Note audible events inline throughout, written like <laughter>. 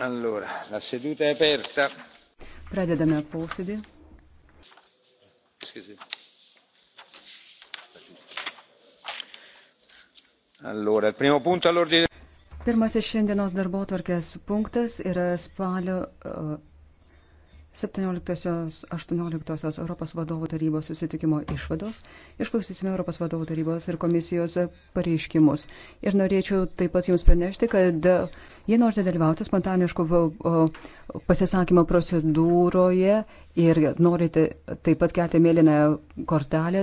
Allora, la seduta è aperta. Pradedame posėdį. Allora, il primo punto all'ordine. Pirmasis šiandienos darbo tvarkės punktas yra spalio uh, 17-18 Europos vadovų tarybos susitikimo išvados, išklausysime Europos vadovų tarybos ir komisijos pareiškimus. Ir norėčiau taip pat Jums pranešti, kad jei norite dalyvauti spontaniškų pasisakymo procedūroje ir norite taip pat kelti mėlyną kortelę,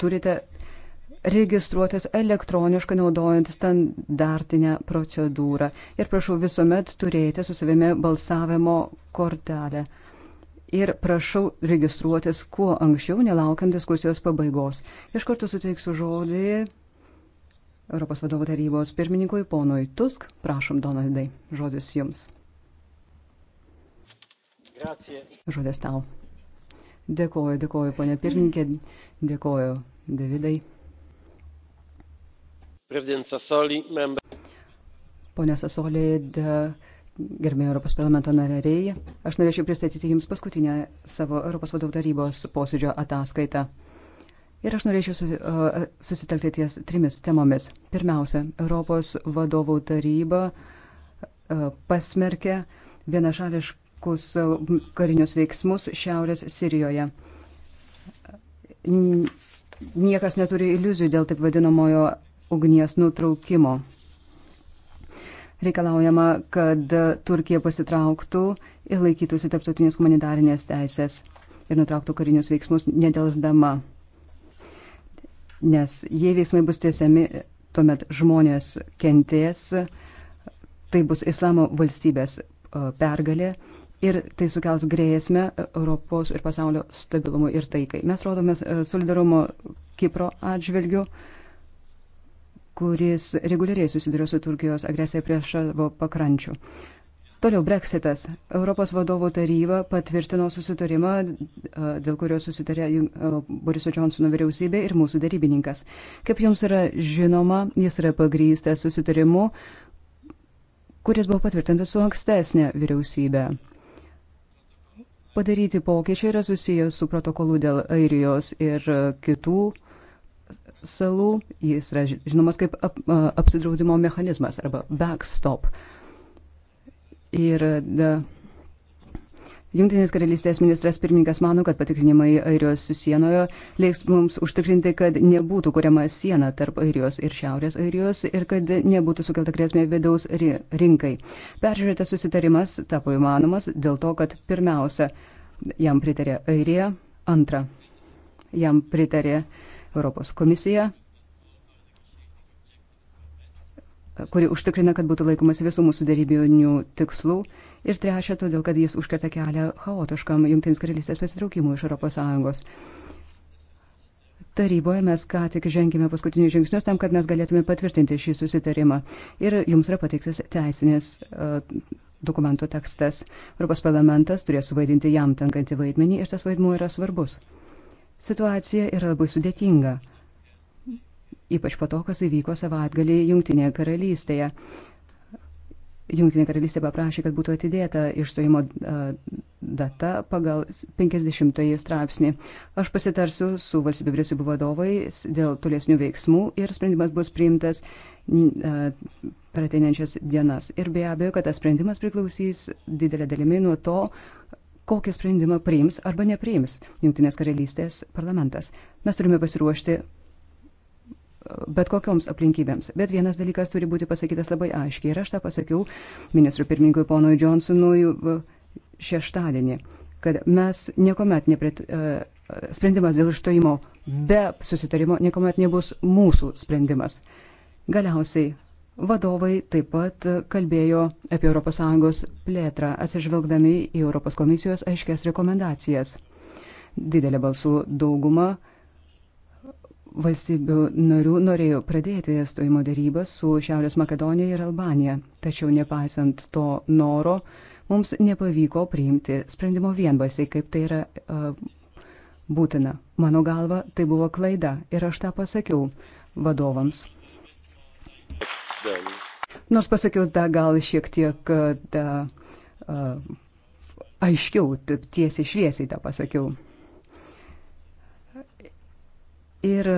turite registruotis elektroniškai naudojant standartinę procedūrą. Ir prašau visuomet turėti su savimi balsavimo kortelę ir prašau registruotis kuo anksčiau, nelaukiant diskusijos pabaigos. Iš karto suteiksiu žodį Europos vadovų tarybos pirmininkui ponui Tusk. Prašom, Donaldai, žodis jums. Grazie. Žodis tau. Dėkoju, dėkoju, ponė pirmininkė, dėkoju, Davidai. Pone Sasolė, gerbėjai Europos parlamento nariai, aš norėčiau pristatyti Jums paskutinę savo Europos vadovų tarybos posėdžio ataskaitą. Ir aš norėčiau susitelkti ties trimis temomis. Pirmiausia, Europos vadovų taryba pasmerkė vienašališkus karinius veiksmus Šiaurės Sirijoje. Niekas neturi iliuzijų dėl taip vadinamojo ugnies nutraukimo reikalaujama, kad Turkija pasitrauktų ir laikytųsi tarptautinės humanitarinės teisės ir nutrauktų karinius veiksmus nedelsdama. Nes jei veiksmai bus tiesiami, tuomet žmonės kentės, tai bus islamo valstybės e, pergalė ir tai sukels grėsmę Europos ir pasaulio stabilumui ir taikai. Mes rodome e, solidarumo Kipro atžvilgiu kuris reguliariai susiduria su Turkijos agresija prieš savo pakrančių. Toliau Brexitas. Europos vadovų taryba patvirtino susitarimą, dėl kurio susitarė Boriso Johnsono vyriausybė ir mūsų darybininkas. Kaip jums yra žinoma, jis yra pagrystas susitarimu, kuris buvo patvirtintas su ankstesnė vyriausybė. Padaryti pokyčiai yra susijęs su protokolu dėl Airijos ir kitų salų. Jis yra žinomas kaip ap, apsidraudimo mechanizmas arba backstop. Ir da, Junktinės karalystės ministras pirmininkas mano, kad patikrinimai Airijos sienoje leiks mums užtikrinti, kad nebūtų kuriama siena tarp Airijos ir Šiaurės Airijos ir kad nebūtų sukelta grėsmė vidaus rinkai. Peržiūrėtas susitarimas tapo įmanomas dėl to, kad pirmiausia, jam pritarė Airija, antra, jam pritarė uh, Europos komisija, kuri užtikrina, kad būtų laikomas visų mūsų darybinių tikslų. Ir trečia, todėl, kad jis užkerta kelią chaotiškam Junktinės karalystės pasitraukimui iš ES. Taryboje mes ką tik žengėme paskutinius žingsnius tam, kad mes galėtume patvirtinti šį susitarimą. Ir jums yra pateiktas teisinės uh, dokumento tekstas. Europos parlamentas turės suvaidinti jam tenkantį vaidmenį ir tas vaidmuo yra svarbus. Situacija yra labai sudėtinga, ypač po to, kas įvyko savaitgalį Junktinėje karalystėje. Junktinė karalystė paprašė, kad būtų atidėta išstojimo data pagal 50 straipsnį. Aš pasitarsiu su valstybių vyriausybių vadovais dėl tolesnių veiksmų ir sprendimas bus priimtas per ateinančias dienas. Ir be abejo, kad tas sprendimas priklausys didelė dalimi nuo to, kokį sprendimą priims arba nepriims Junktinės karalystės parlamentas. Mes turime pasiruošti e, bet kokioms aplinkybėms. Bet vienas dalykas turi būti pasakytas labai aiškiai. Ir aš tą pasakiau ministrui pirmininkui ponui Johnsonui e, šeštadienį, kad mes niekuomet neprit. E, sprendimas dėl išstojimo be susitarimo niekuomet nebus mūsų sprendimas. Galiausiai Vadovai taip pat kalbėjo apie ES plėtrą, atsižvelgdami į ES komisijos aiškias rekomendacijas. Didelė balsų dauguma valstybių narių norėjo pradėti stojimo dėrybą su Šiaurės Makedonija ir Albanija, tačiau nepaisant to noro, mums nepavyko priimti sprendimo vienbasiai, kaip tai yra uh, būtina. Mano galva, tai buvo klaida ir aš tą pasakiau vadovams. Nors pasakiau tą gal šiek tiek da, uh, aiškiau, tiesiai šviesiai tą pasakiau. Ir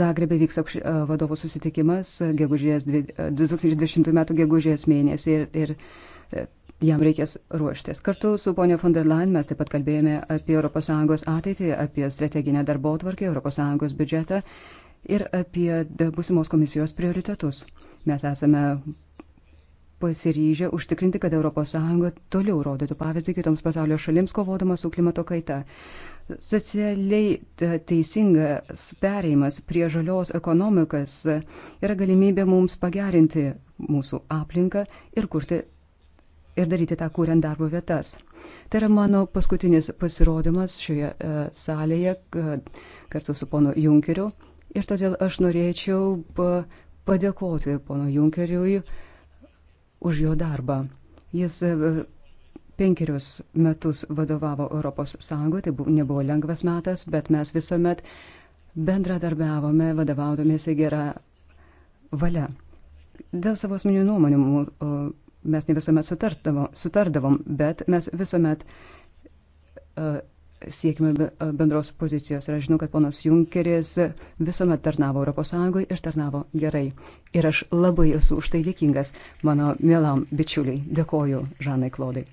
Zagrebė vyks aukš, vadovų susitikimas gegužės, 2020 m. gegužės mėnesį ir, ir e, jam reikės ruoštis. Kartu su ponia von der Leyen mes taip pat kalbėjome apie ES ateitį, apie strateginę darbo tvarkę, ES biudžetą ir apie būsimos komisijos prioritetus. Mes esame pasiryžę užtikrinti, kad ES toliau rodytų pavyzdį kitoms pasaulio šalims kovodama su klimato kaita. Socialiai teisingas pereimas prie žalios ekonomikas yra galimybė mums pagerinti mūsų aplinką ir kurti ir daryti tą kūriant darbo vietas. Tai yra mano paskutinis pasirodymas šioje e, salėje kartu su ponu Junkeriu Ir todėl aš norėčiau padėkoti pono Junkeriui už jo darbą. Jis e, penkerius metus vadovavo Europos Sąjungoje, tai nebuvo lengvas metas, bet mes visuomet bendradarbiavome, vadovaudomėsi gerą valią. Dėl savo asmeninių nuomonių mes ne visuomet sutardavom, sutardavom, bet mes visuomet e, siekime bendros pozicijos. Ir aš žinau, kad ponas Junkeris visuomet tarnavo ES ir tarnavo gerai. Ir aš labai esu už tai dėkingas mano mielam bičiuliai. Dėkoju, Žanai Klodai.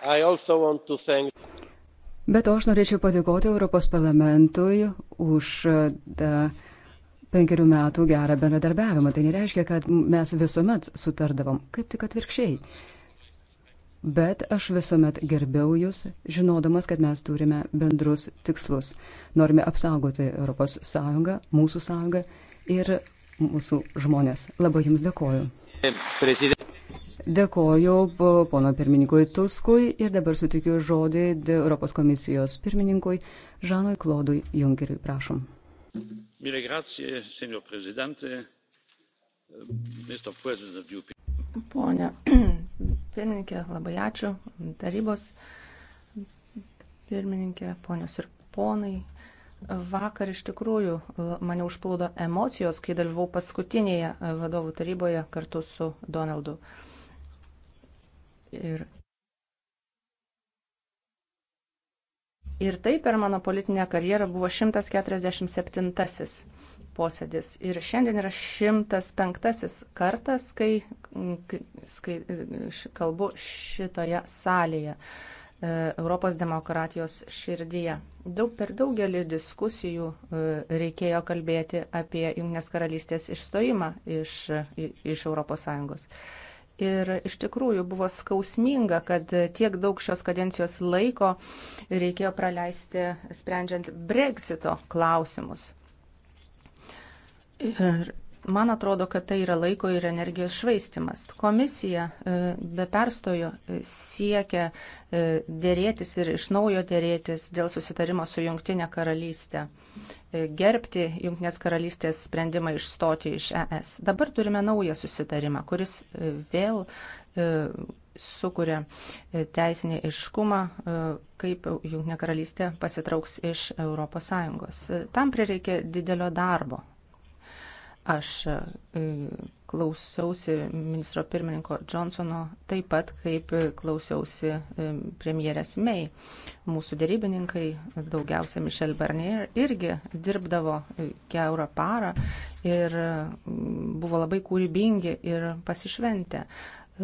Thank... Bet aš norėčiau padėkoti Europos parlamentui už da, penkerių metų gerą bendradarbiavimą. Tai nereiškia, kad mes visuomet sutardavom, kaip tik atvirkščiai bet aš visuomet gerbiau jūs, žinodamas, kad mes turime bendrus tikslus. Norime apsaugoti ES, mūsų sąjungą ir mūsų žmonės. Labai Jums dėkoju. Dėkoju pono pirmininkui Tuskui ir dabar sutikiu žodį Europos komisijos pirmininkui Žanui Klodui Junkeriui. Prašom. Pone Pirmininkė, labai ačiū. Tarybos pirmininkė, ponios ir ponai. Vakar iš tikrųjų mane užplūdo emocijos, kai dalyvau paskutinėje vadovų taryboje kartu su Donaldu. Ir, ir tai per mano politinę karjerą buvo 147 posėdis. Ir šiandien yra 105 kartas, kai, kai kalbu šitoje salėje. E, Europos demokratijos širdyje. Daug per daugelį diskusijų e, reikėjo kalbėti apie Junknės karalystės išstojimą iš, iš ES. Ir iš tikrųjų buvo skausminga, kad tiek daug šios kadencijos laiko reikėjo praleisti sprendžiant Brexito klausimus. Ir man atrodo, kad tai yra laiko ir energijos švaistimas. Komisija e, be perstojo e, siekia e, dėrėtis ir iš naujo dėrėtis dėl susitarimo su Junktinė karalystė, gerbti Junktinės karalystės sprendimą išstoti iš ES. Dabar turime naują susitarimą, kuris vėl sukuria teisinį iškumą, kaip Junktinė karalystė pasitrauks iš ES. Tam prireikė didelio darbo Aš e, klausiausi ministro pirmininko Johnsono taip pat, kaip klausiausi e, premjerės May. Mūsų dėrybininkai, daugiausia Michel Barnier, irgi dirbdavo e, keurą parą ir buvo labai kūrybingi ir pasišventę.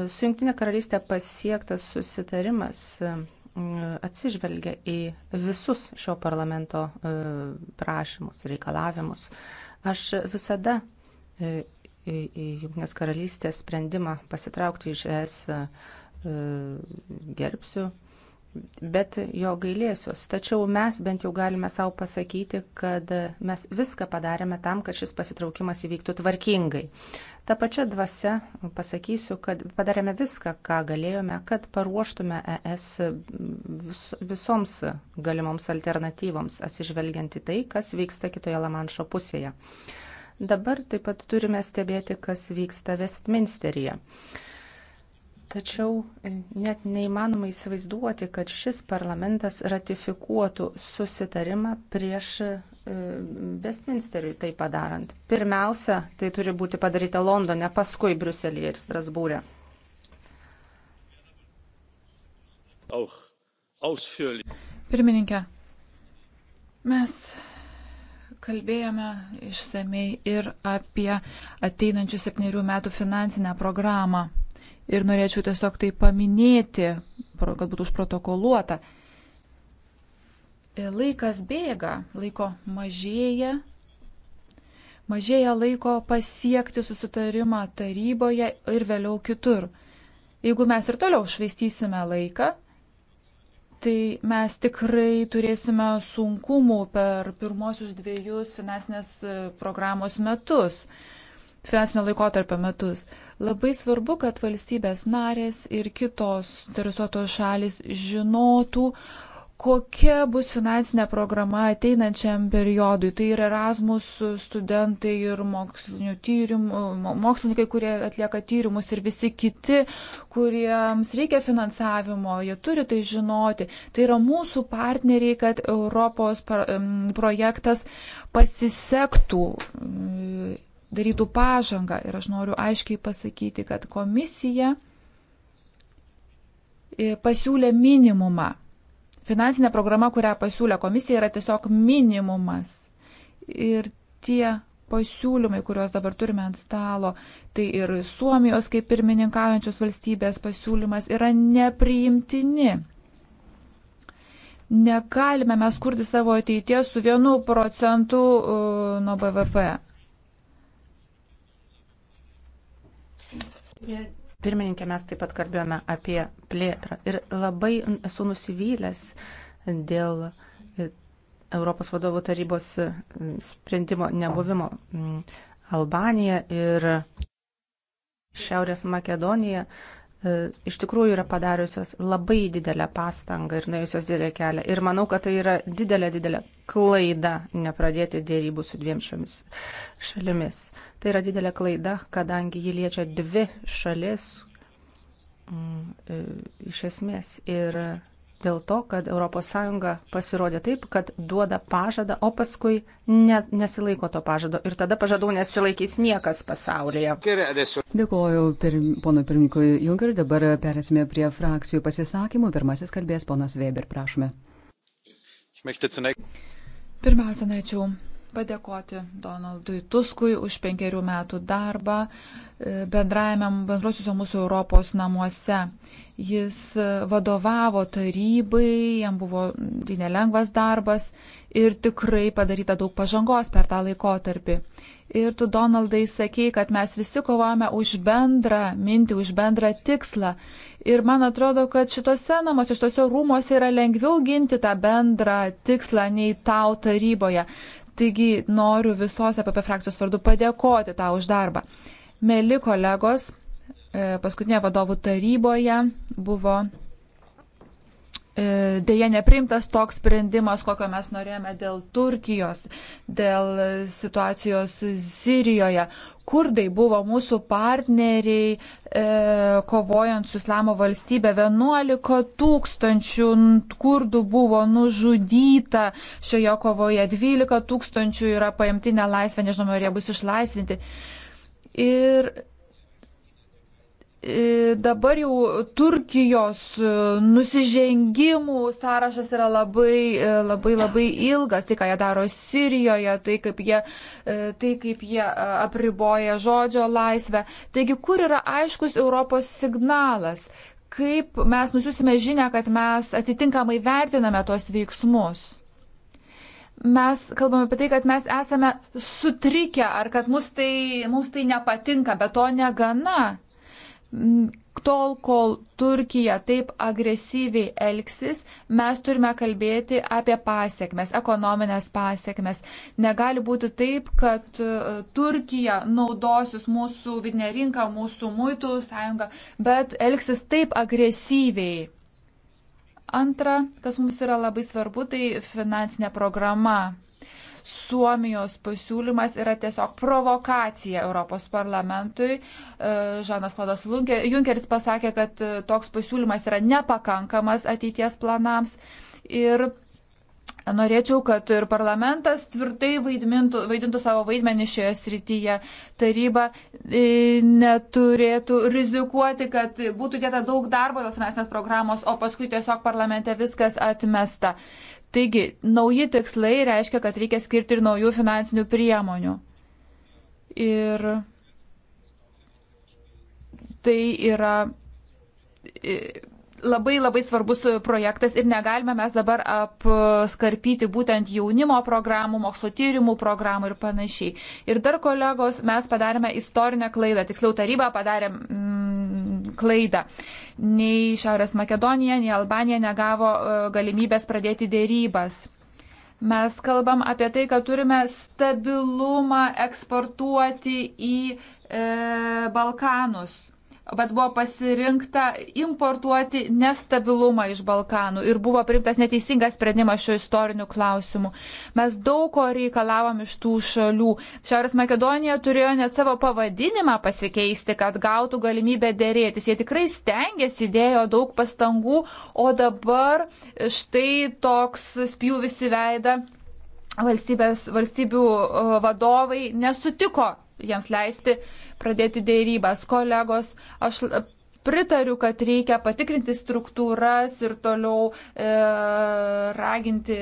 Su Junktinė karalystė pasiektas susitarimas atsižvelgia į visus šio parlamento prašymus, reikalavimus. Aš visada e, į Junknės karalystės sprendimą pasitraukti iš ES e, gerbsiu bet jo gailėsiuos. Tačiau mes bent jau galime savo pasakyti, kad mes viską padarėme tam, kad šis pasitraukimas įvyktų tvarkingai. Ta pačia dvasia pasakysiu, kad padarėme viską, ką galėjome, kad paruoštume ES vis, visoms galimoms alternatyvoms, atsižvelgiant į tai, kas vyksta kitoje Lamanšo pusėje. Dabar taip pat turime stebėti, kas vyksta Westminsteryje. Tačiau e, net neįmanoma įsivaizduoti, kad šis parlamentas ratifikuotų susitarimą prieš e, Westminsteriui tai padarant. Pirmiausia, tai turi būti padaryta Londone, paskui Bruselėje ir Strasbūrė. Pirmininkė, mes kalbėjome išsamei ir apie ateinančių septynerių metų finansinę programą ir norėčiau tiesiog tai paminėti, kad būtų užprotokoluota. E, laikas bėga, laiko mažėja, mažėja laiko pasiekti susitarimą taryboje ir vėliau kitur. Jeigu mes ir toliau švaistysime laiką, tai mes tikrai turėsime sunkumų per pirmosius dviejus finansinės e, programos metus, finansinio laikotarpio metus. Labai svarbu, kad valstybės narės ir kitos interesuotos šalis žinotų, kokia bus finansinė programa ateinančiam periodui. Tai yra Erasmus studentai ir tyrimų, mokslininkai, kurie atlieka tyrimus ir visi kiti, kuriems reikia finansavimo, jie turi tai žinoti. Tai yra mūsų partneriai, kad Europos projektas pasisektų darytų pažangą. Ir aš noriu aiškiai pasakyti, kad komisija e, pasiūlė minimumą. Finansinė programa, kurią pasiūlė komisija, yra tiesiog minimumas. Ir tie pasiūlymai, kuriuos dabar turime ant stalo, tai ir Suomijos kaip pirmininkaujančios valstybės pasiūlymas yra nepriimtini. Negalime mes kurti savo ateities su vienu procentu e, nuo BVP. Pirmininkė, mes taip pat kalbėjome apie plėtrą ir labai esu nusivylęs dėl e, Europos vadovų tarybos e, sprendimo nebuvimo. Albanija ir Šiaurės Makedonija E, iš tikrųjų yra padariusios labai didelę pastangą ir nuėjusios didelę kelią. Ir manau, kad tai yra didelė, didelė klaida nepradėti dėrybų su dviem šiomis šalimis. Tai yra didelė klaida, kadangi ji liečia dvi šalis mm, e, iš esmės. Ir dėl to, kad ES pasirodė taip, kad duoda pažadą, o paskui ne, nesilaiko to pažado. Ir tada pažadų nesilaikys niekas pasaulyje. Dėkuoju pir, pono pirmininkui Junkeriu. Dabar perėsime prie frakcijų pasisakymų. Pirmasis kalbės ponas Weber, prašome. Pirmiausia, norėčiau padėkoti Donaldui Tuskui už penkerių metų darbą e, bendrajame bendruosiuose mūsų Europos namuose. Jis vadovavo tarybai, jam buvo tai nelengvas darbas ir tikrai padaryta daug pažangos per tą laikotarpį. Ir tu, Donaldai, sakei, kad mes visi kovojame už bendrą mintį, už bendrą tikslą. Ir man atrodo, kad šitose namuose, šitose rūmose yra lengviau ginti tą bendrą tikslą nei tau taryboje. Taigi noriu visos EPP frakcijos vardu padėkoti tau už darbą. Mėly kolegos, e, paskutinė vadovų taryboje buvo E, deja, neprimtas toks sprendimas, kokio mes norėjome dėl Turkijos, dėl situacijos Sirijoje. Kurdai buvo mūsų partneriai, e, kovojant su Islamo valstybė. 11 tūkstančių kurdų buvo nužudyta šioje kovoje, 12 tūkstančių yra paimti nelaisvę, nežinoma, ar jie bus išlaisvinti. Ir E, dabar jau Turkijos e, nusižengimų sąrašas yra labai, e, labai, labai ilgas. Tai, ką jie daro Sirijoje, tai kaip jie, tai, kaip jie apriboja žodžio laisvę. Taigi, kur yra aiškus Europos signalas? Kaip mes nusiusime žinę, kad mes atitinkamai vertiname tos veiksmus? mes kalbame apie tai, kad mes esame sutrikę ar kad mums tai, mums tai nepatinka, bet to negana tol, kol Turkija taip agresyviai elgsis, mes turime kalbėti apie pasiekmes, ekonominės pasiekmes. Negali būti taip, kad e, Turkija naudosius mūsų vidinę rinką, mūsų muitų sąjungą, bet elgsis taip agresyviai. Antra, kas mums yra labai svarbu, tai finansinė programa. Suomijos pasiūlymas yra tiesiog provokacija Europos parlamentui. E, Žanas Klodas Junkeris pasakė, kad e, toks pasiūlymas yra nepakankamas ateities planams. Ir Norėčiau, kad ir parlamentas tvirtai vaidmintų, vaidintų savo vaidmenį šioje srityje. Taryba e, neturėtų rizikuoti, kad būtų dėta daug darbo dėl finansinės programos, o paskui tiesiog parlamente viskas atmesta. Taigi, nauji tikslai reiškia, kad reikia skirti ir naujų finansinių priemonių. Ir tai yra labai labai svarbus e, projektas ir negalime mes dabar apskarpyti būtent jaunimo programų, mokslo tyrimų programų ir panašiai. Ir dar kolegos, mes padarėme istorinę klaidą, tiksliau taryba padarė mm, klaidą. Nei Šiaurės Makedonija, nei Albanija negavo e, galimybės pradėti dėrybas. Mes kalbam apie tai, kad turime stabilumą eksportuoti į e, Balkanus bet buvo pasirinkta importuoti nestabilumą iš Balkanų ir buvo priimtas neteisingas sprendimas šio istoriniu klausimu. Mes daug ko reikalavom iš tų šalių. Šiaurės Makedonija turėjo net savo pavadinimą pasikeisti, kad gautų galimybę dėrėtis. Jie tikrai stengiasi, dėjo daug pastangų, o dabar štai toks spjūvis į veidą. Valstybės, valstybių vadovai nesutiko jiems leisti uh, pradėti dėrybas. Kolegos, aš pritariu, kad reikia patikrinti struktūras ir toliau e, raginti,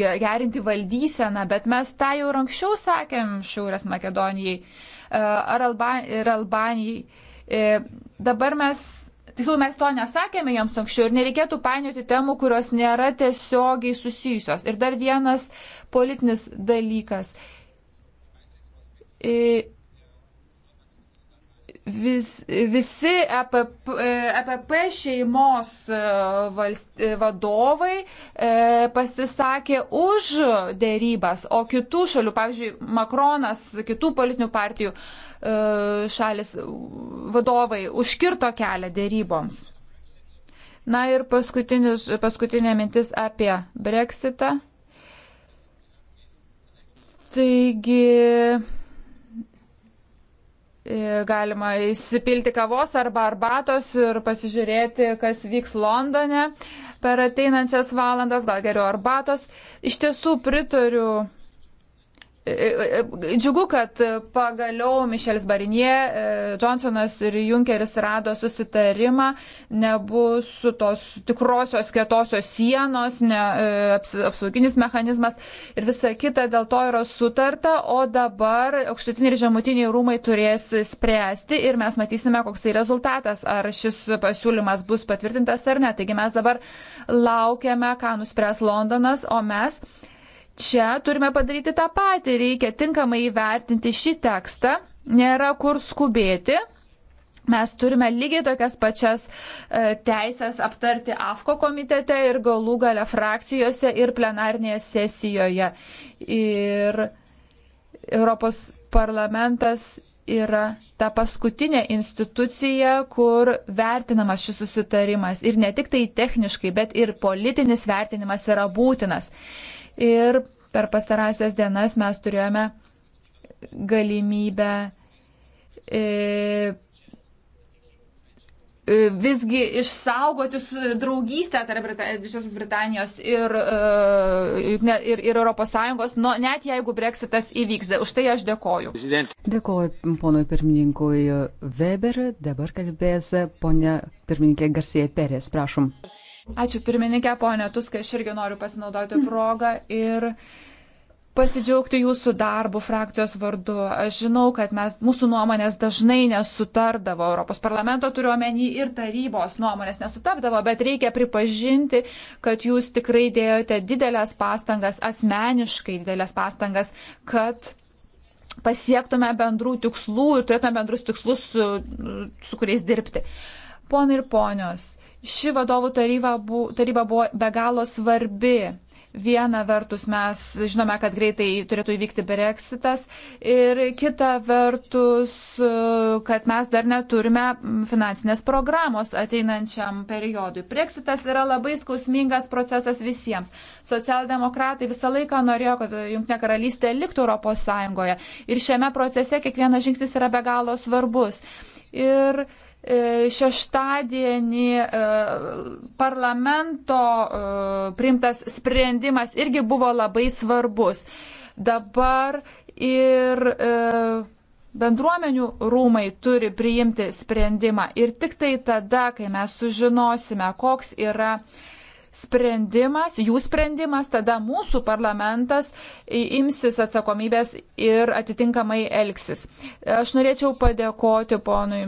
gerinti valdyseną, bet mes tą jau ir anksčiau sakėm Šiaurės Makedonijai e, ar Alban, ir Albanijai. E, dabar mes. Tiksliau, mes to nesakėme jiems anksčiau ir nereikėtų painioti temų, kurios nėra tiesiogiai susijusios. Ir dar vienas politinis dalykas. E, vis, visi EPP, EPP šeimos e, valst, e, vadovai e, pasisakė už dėrybas, o kitų šalių, pavyzdžiui, Makronas, kitų politinių partijų e, šalis vadovai užkirto kelią dėryboms. Na ir paskutinė mintis apie Brexitą. Taigi E, galima įsipilti kavos arba arbatos ir pasižiūrėti, kas vyks Londone per ateinančias valandas, gal geriau arbatos. Iš tiesų pritariu Džiugu, kad pagaliau Mišelis Barinė, Johnsonas ir Junkeris rado susitarimą, nebus tos tikrosios kietosios sienos, ne, e, aps, apsauginis mechanizmas ir visa kita, dėl to yra sutarta, o dabar aukštutiniai ir žemutiniai rūmai turės spręsti ir mes matysime, koks tai rezultatas, ar šis pasiūlymas bus patvirtintas ar ne. Taigi mes dabar laukiame, ką nuspręs Londonas, o mes Čia turime padaryti tą patį, reikia tinkamai įvertinti šį tekstą, nėra kur skubėti. Mes turime lygiai tokias pačias e, teisės aptarti AFKO komitete ir galų gale frakcijose ir plenarnėje sesijoje. Ir Europos parlamentas yra ta paskutinė institucija, kur vertinamas šis susitarimas. Ir ne tik tai techniškai, bet ir politinis vertinimas yra būtinas. Ir per pastarąsias dienas mes turėjome galimybę e, e visgi išsaugoti draugystę tarp Didžiosios Britanijos ir, e, ir, ir ES, nu, net jeigu breksitas įvyks. Už tai aš dėkoju. Dėkoju ponui pirmininkui Weber, dabar kalbės ponia pirmininkė Garcija Perės, prašom. Ačiū pirmininkė, ponė Tuska, aš irgi noriu pasinaudoti progą ir pasidžiaugti jūsų darbu frakcijos vardu. Aš žinau, kad mes, mūsų nuomonės dažnai nesutardavo, Europos parlamento turiuomenį ir tarybos nuomonės nesutardavo, bet reikia pripažinti, kad jūs tikrai dėjote didelės pastangas, asmeniškai didelės pastangas, kad pasiektume bendrų tikslų ir turėtume bendrus tikslus, su, su kuriais dirbti. Ponai ir ponios, Ši vadovų taryba, bu, taryba buvo be galo svarbi. Viena vertus mes žinome, kad greitai turėtų įvykti Brexitas ir kita vertus, kad mes dar neturime finansinės programos ateinančiam periodui. Brexitas yra labai skausmingas procesas visiems. Socialdemokratai visą laiką norėjo, kad Junktinė karalystė liktų Europos Sąjungoje ir šiame procese kiekvienas žingsnis yra be galo svarbus. Ir uh, E, šeštadienį e, parlamento e, priimtas sprendimas irgi buvo labai svarbus. Dabar ir bendruomenių rūmai turi priimti sprendimą. Ir tik tai tada, kai mes sužinosime, koks yra uh, sprendimas, jų sprendimas, tada mūsų parlamentas imsis atsakomybės ir atitinkamai elgsis. Aš norėčiau padėkoti ponui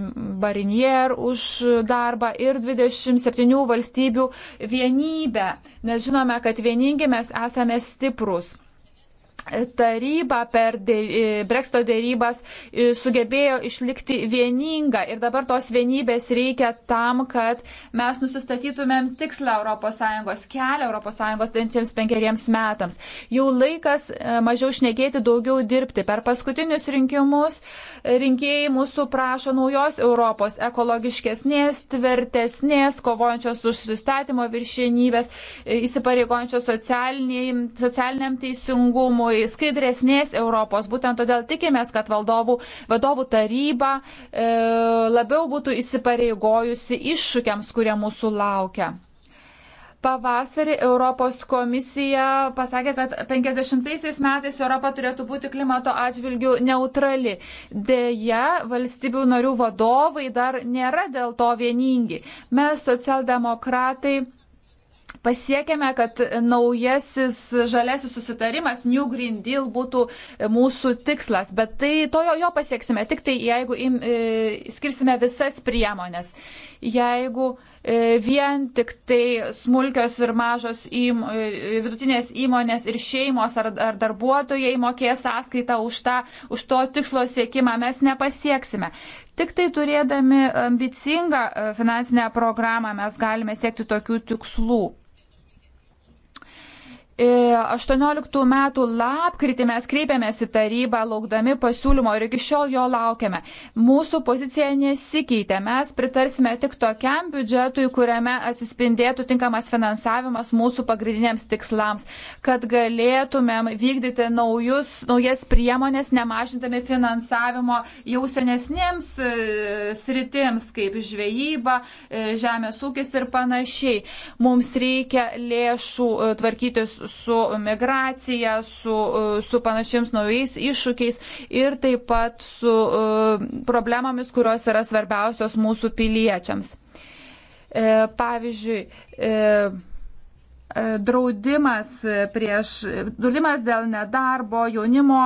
Barinier už darbą ir 27 valstybių vienybę, nes žinome, kad vieningi mes esame stiprus taryba per e, Brexito dėrybas e, sugebėjo išlikti vieninga ir dabar tos vienybės reikia tam, kad mes nusistatytumėm tikslą ES kelią ES tenčiams penkeriems metams. Jau laikas e, mažiau šnekėti, daugiau dirbti. Per paskutinius rinkimus rinkėjai mūsų prašo naujos Europos ekologiškesnės, tvirtesnės, kovojančios už sustatymo viršienybės, įsipareigojančios socialiniam teisingumui saugumui, skaidresnės Europos. Būtent todėl tikimės, kad valdovų, vadovų taryba e, labiau būtų įsipareigojusi iššūkiams, kurie mūsų laukia. Pavasarį Europos komisija pasakė, kad 50 metais Europa turėtų būti klimato atžvilgių neutrali. Deja, valstybių narių vadovai dar nėra dėl to vieningi. Mes, socialdemokratai, pasiekėme, kad naujasis žalesis susitarimas New Green Deal būtų mūsų tikslas, bet tai to jo, jo pasieksime tik tai, jeigu im, e, skirsime visas priemonės. Jeigu e, vien tik tai smulkios ir mažos im, e, vidutinės įmonės ir šeimos ar, ar darbuotojai mokės sąskaitą už, tą, už to tikslo siekimą, mes nepasieksime. Tik tai turėdami ambicingą e, finansinę programą mes galime siekti tokių tikslų. 18 e, metų lapkritį mes kreipėmės į tarybą laukdami pasiūlymo ir iki šiol jo laukiame. Mūsų pozicija nesikeitė. Mes pritarsime tik tokiam biudžetui, kuriame atsispindėtų tinkamas finansavimas mūsų pagrindiniams tikslams, kad galėtumėm vykdyti naujus, naujas priemonės, nemažintami finansavimo jau senesniems e, sritims, kaip žvejyba, e, žemės ūkis ir panašiai. Mums reikia lėšų tvarkytis su migracija, su, e, su panašiams naujais iššūkiais ir taip pat su e, problemomis, kurios yra svarbiausios mūsų piliečiams. E, pavyzdžiui, draudimas, prieš, draudimas dėl nedarbo, jaunimo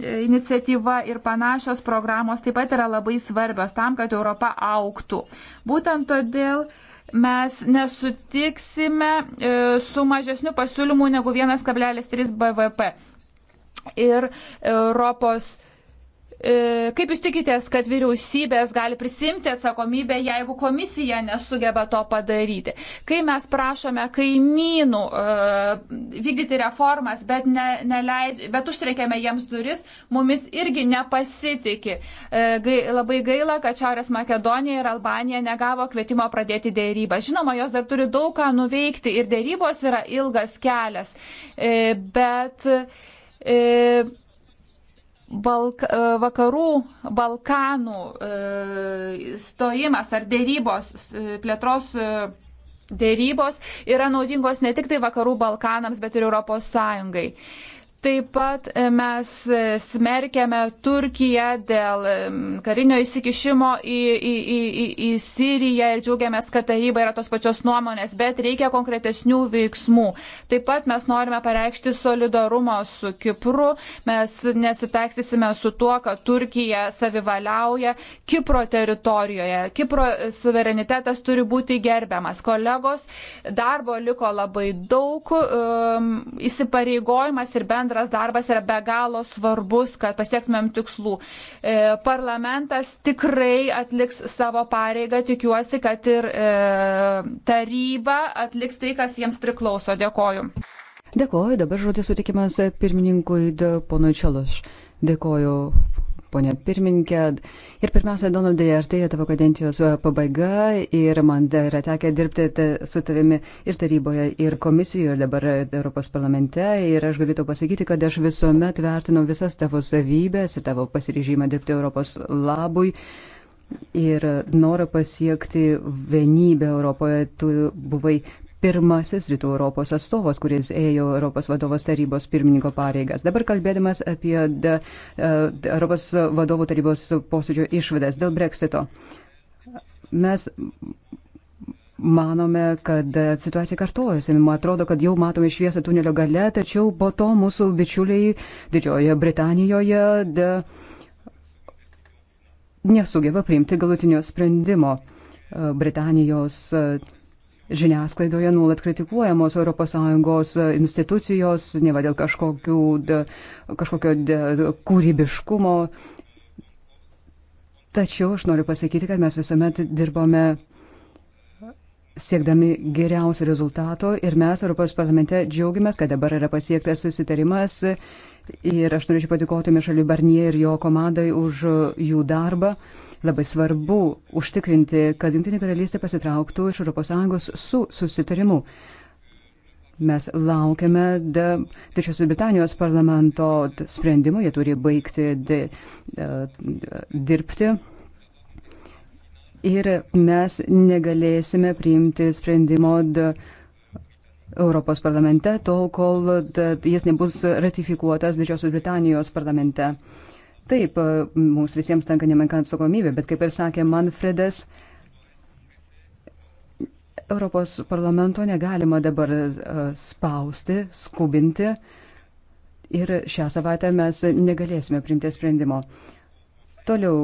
iniciatyva ir panašios programos taip pat yra labai svarbios tam, kad Europa auktų. Būtent todėl mes nesutiksime e, su mažesniu pasiūlymu negu 1,3 BVP. Ir Europos E, kaip jūs tikitės, kad vyriausybės gali prisimti atsakomybę, jeigu komisija nesugeba to padaryti? Kai mes prašome kaimynų e, vykdyti reformas, bet, ne, neleid, bet užtrenkėme jiems duris, mumis irgi nepasitikė. E, gai, labai gaila, kad Šiaurės Makedonija ir Albanija negavo kvietimo pradėti dėrybą. Žinoma, jos dar turi daug ką nuveikti ir dėrybos yra ilgas kelias. Bet. E, Balk, e, vakarų Balkanų e, stojimas ar dėrybos, e, plėtros dėrybos yra naudingos ne tik tai vakarų Balkanams, bet ir Europos Sąjungai. Taip pat e, mes e, smerkėme Turkiją dėl e, karinio įsikišimo į, į, į, į, į Siriją ir džiaugiamės, kad taryba yra tos pačios nuomonės, bet reikia konkretesnių veiksmų. Taip pat mes norime pareikšti solidarumą su Kipru, mes nesitaksysime su tuo, kad Turkija savivaliauja Kipro teritorijoje. Kipro suverenitetas turi būti gerbiamas. Kolegos, darbo liko labai daug, um, įsipareigojimas ir bendras bendras darbas yra be galo svarbus, kad pasiektumėm tikslų. E, parlamentas tikrai atliks savo pareigą, tikiuosi, kad ir e, taryba atliks tai, kas jiems priklauso. Dėkoju. Dėkoju, dabar žodis sutikimas pirmininkui ponui Čeloš. Dėkoju, ponė pirmininkė. Ir pirmiausia, Donaldai, ar tai tavo kadencijos e, pabaiga ir man yra tekę dirbti su tavimi ir taryboje, ir komisijoje, ir dabar e, Europos parlamente. Ir aš galiu tau pasakyti, kad aš visuomet vertinau visas tavo savybės ir tavo pasiryžimą dirbti Europos labui. Ir norą pasiekti vienybę Europoje, tu buvai pirmasis Rytų Europos atstovas, kuris ėjo Europos vadovos tarybos pirmininko pareigas. Dabar kalbėdamas apie da, e, Europos vadovų tarybos posėdžio išvadas dėl breksito. Mes manome, kad situacija kartojasi. Man atrodo, kad jau matome šviesą tunelio gale, tačiau po to mūsų bičiuliai Didžiojoje Britanijoje de, nesugeba priimti galutinio sprendimo. Britanijos Žiniasklaidoje nuolat kritikuojamos ES institucijos, neva dėl de, kažkokio de, kūrybiškumo. Tačiau aš noriu pasakyti, kad mes visuomet dirbome siekdami geriausio rezultato ir mes Europos parlamente džiaugiamės, kad dabar yra pasiektas susitarimas ir aš norėčiau padėkoti Mišaliu Barnie ir jo komandai už jų darbą. Labai svarbu užtikrinti, kad Junktinė karalystė pasitrauktų iš ES su susitarimu. Mes laukiame Didžiosios Britanijos parlamento sprendimo, jie turi baigti de, de, de, dirbti ir mes negalėsime priimti sprendimo Europos parlamente tol, kol jis nebus ratifikuotas Didžiosios Britanijos parlamente. Taip, e, mums visiems tenka nemenka atsakomybė, bet kaip ir sakė Manfredas, Europos parlamento negalima dabar e, spausti, skubinti ir šią savaitę mes negalėsime priimti sprendimo. Toliau,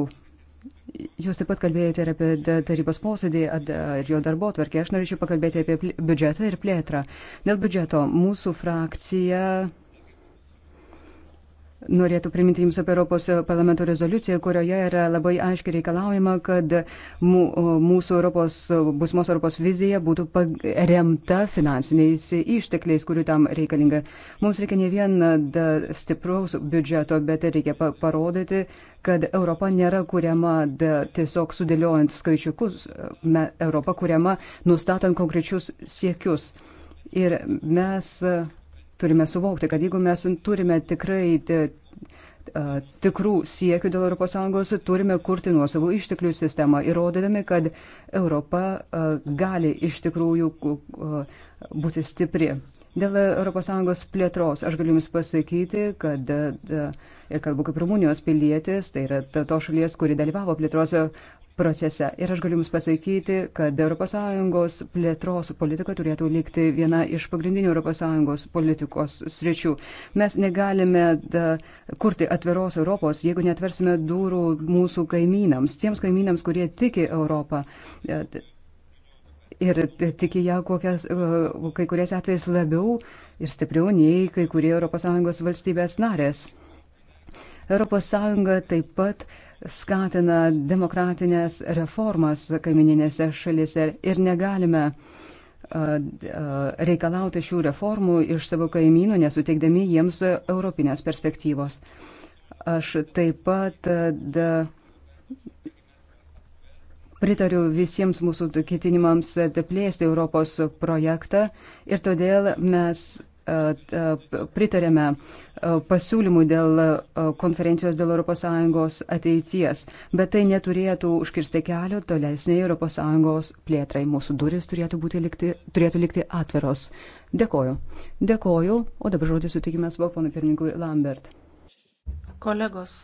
jūs taip pat kalbėjote ir apie tarybos posėdį ir jo darbo tvarkį. Aš norėčiau pakalbėti apie biudžetą ir plėtrą. Dėl biudžeto mūsų frakcija Norėtų priminti Jums apie Europos parlamento rezoliuciją, kurioje yra labai aiškiai reikalaujama, kad mūsų Europos, busmos Europos vizija būtų remta finansiniais ištekliais, kurių tam reikalinga. Mums reikia ne vien stipraus biudžeto, bet reikia parodyti, kad Europa nėra kuriama tiesiog sudėliojant skaičiukus, Europa kuriama nustatant konkrečius siekius. Ir mes Turime suvokti, kad jeigu mes turime tikrai tikrų siekių dėl ES, turime kurti nuosavų išteklių sistemą, įrodydami, kad Europa gali iš tikrųjų būti stipri. Dėl ES plėtros aš galiu Jums pasakyti, kad ir kalbu kaip Rumunijos pilietis, tai yra to šalies, kuri dalyvavo plėtros procese. Ir aš galiu Jums pasakyti, kad ES plėtros politika turėtų likti viena iš pagrindinių ES politikos sričių. Mes negalime da, kurti atviros Europos, jeigu netversime durų mūsų kaimynams, tiems kaimynams, kurie tiki Europą. Ir tiki ją kokias, e, kai kuriais atvejais labiau ir stipriau nei kai kurie ES valstybės narės. ES taip pat uh, skatina demokratinės reformas kaimininėse šalise ir negalime reikalauti šių reformų iš savo kaimynų, nesuteikdami jiems europinės perspektyvos. Aš taip pat da, Pritariu visiems mūsų ketinimams plėsti Europos projektą ir todėl mes E, e, pritarėme e, pasiūlymų dėl konferencijos dėl ES ateities, bet tai neturėtų užkirsti kelio tolesniai ES plėtrai. Mūsų duris turėtų, likti, turėtų likti atviros. Dėkoju. Dėkoju, o dabar žodį sutikime savo ponui pirmininkui Lambert. Kolegos.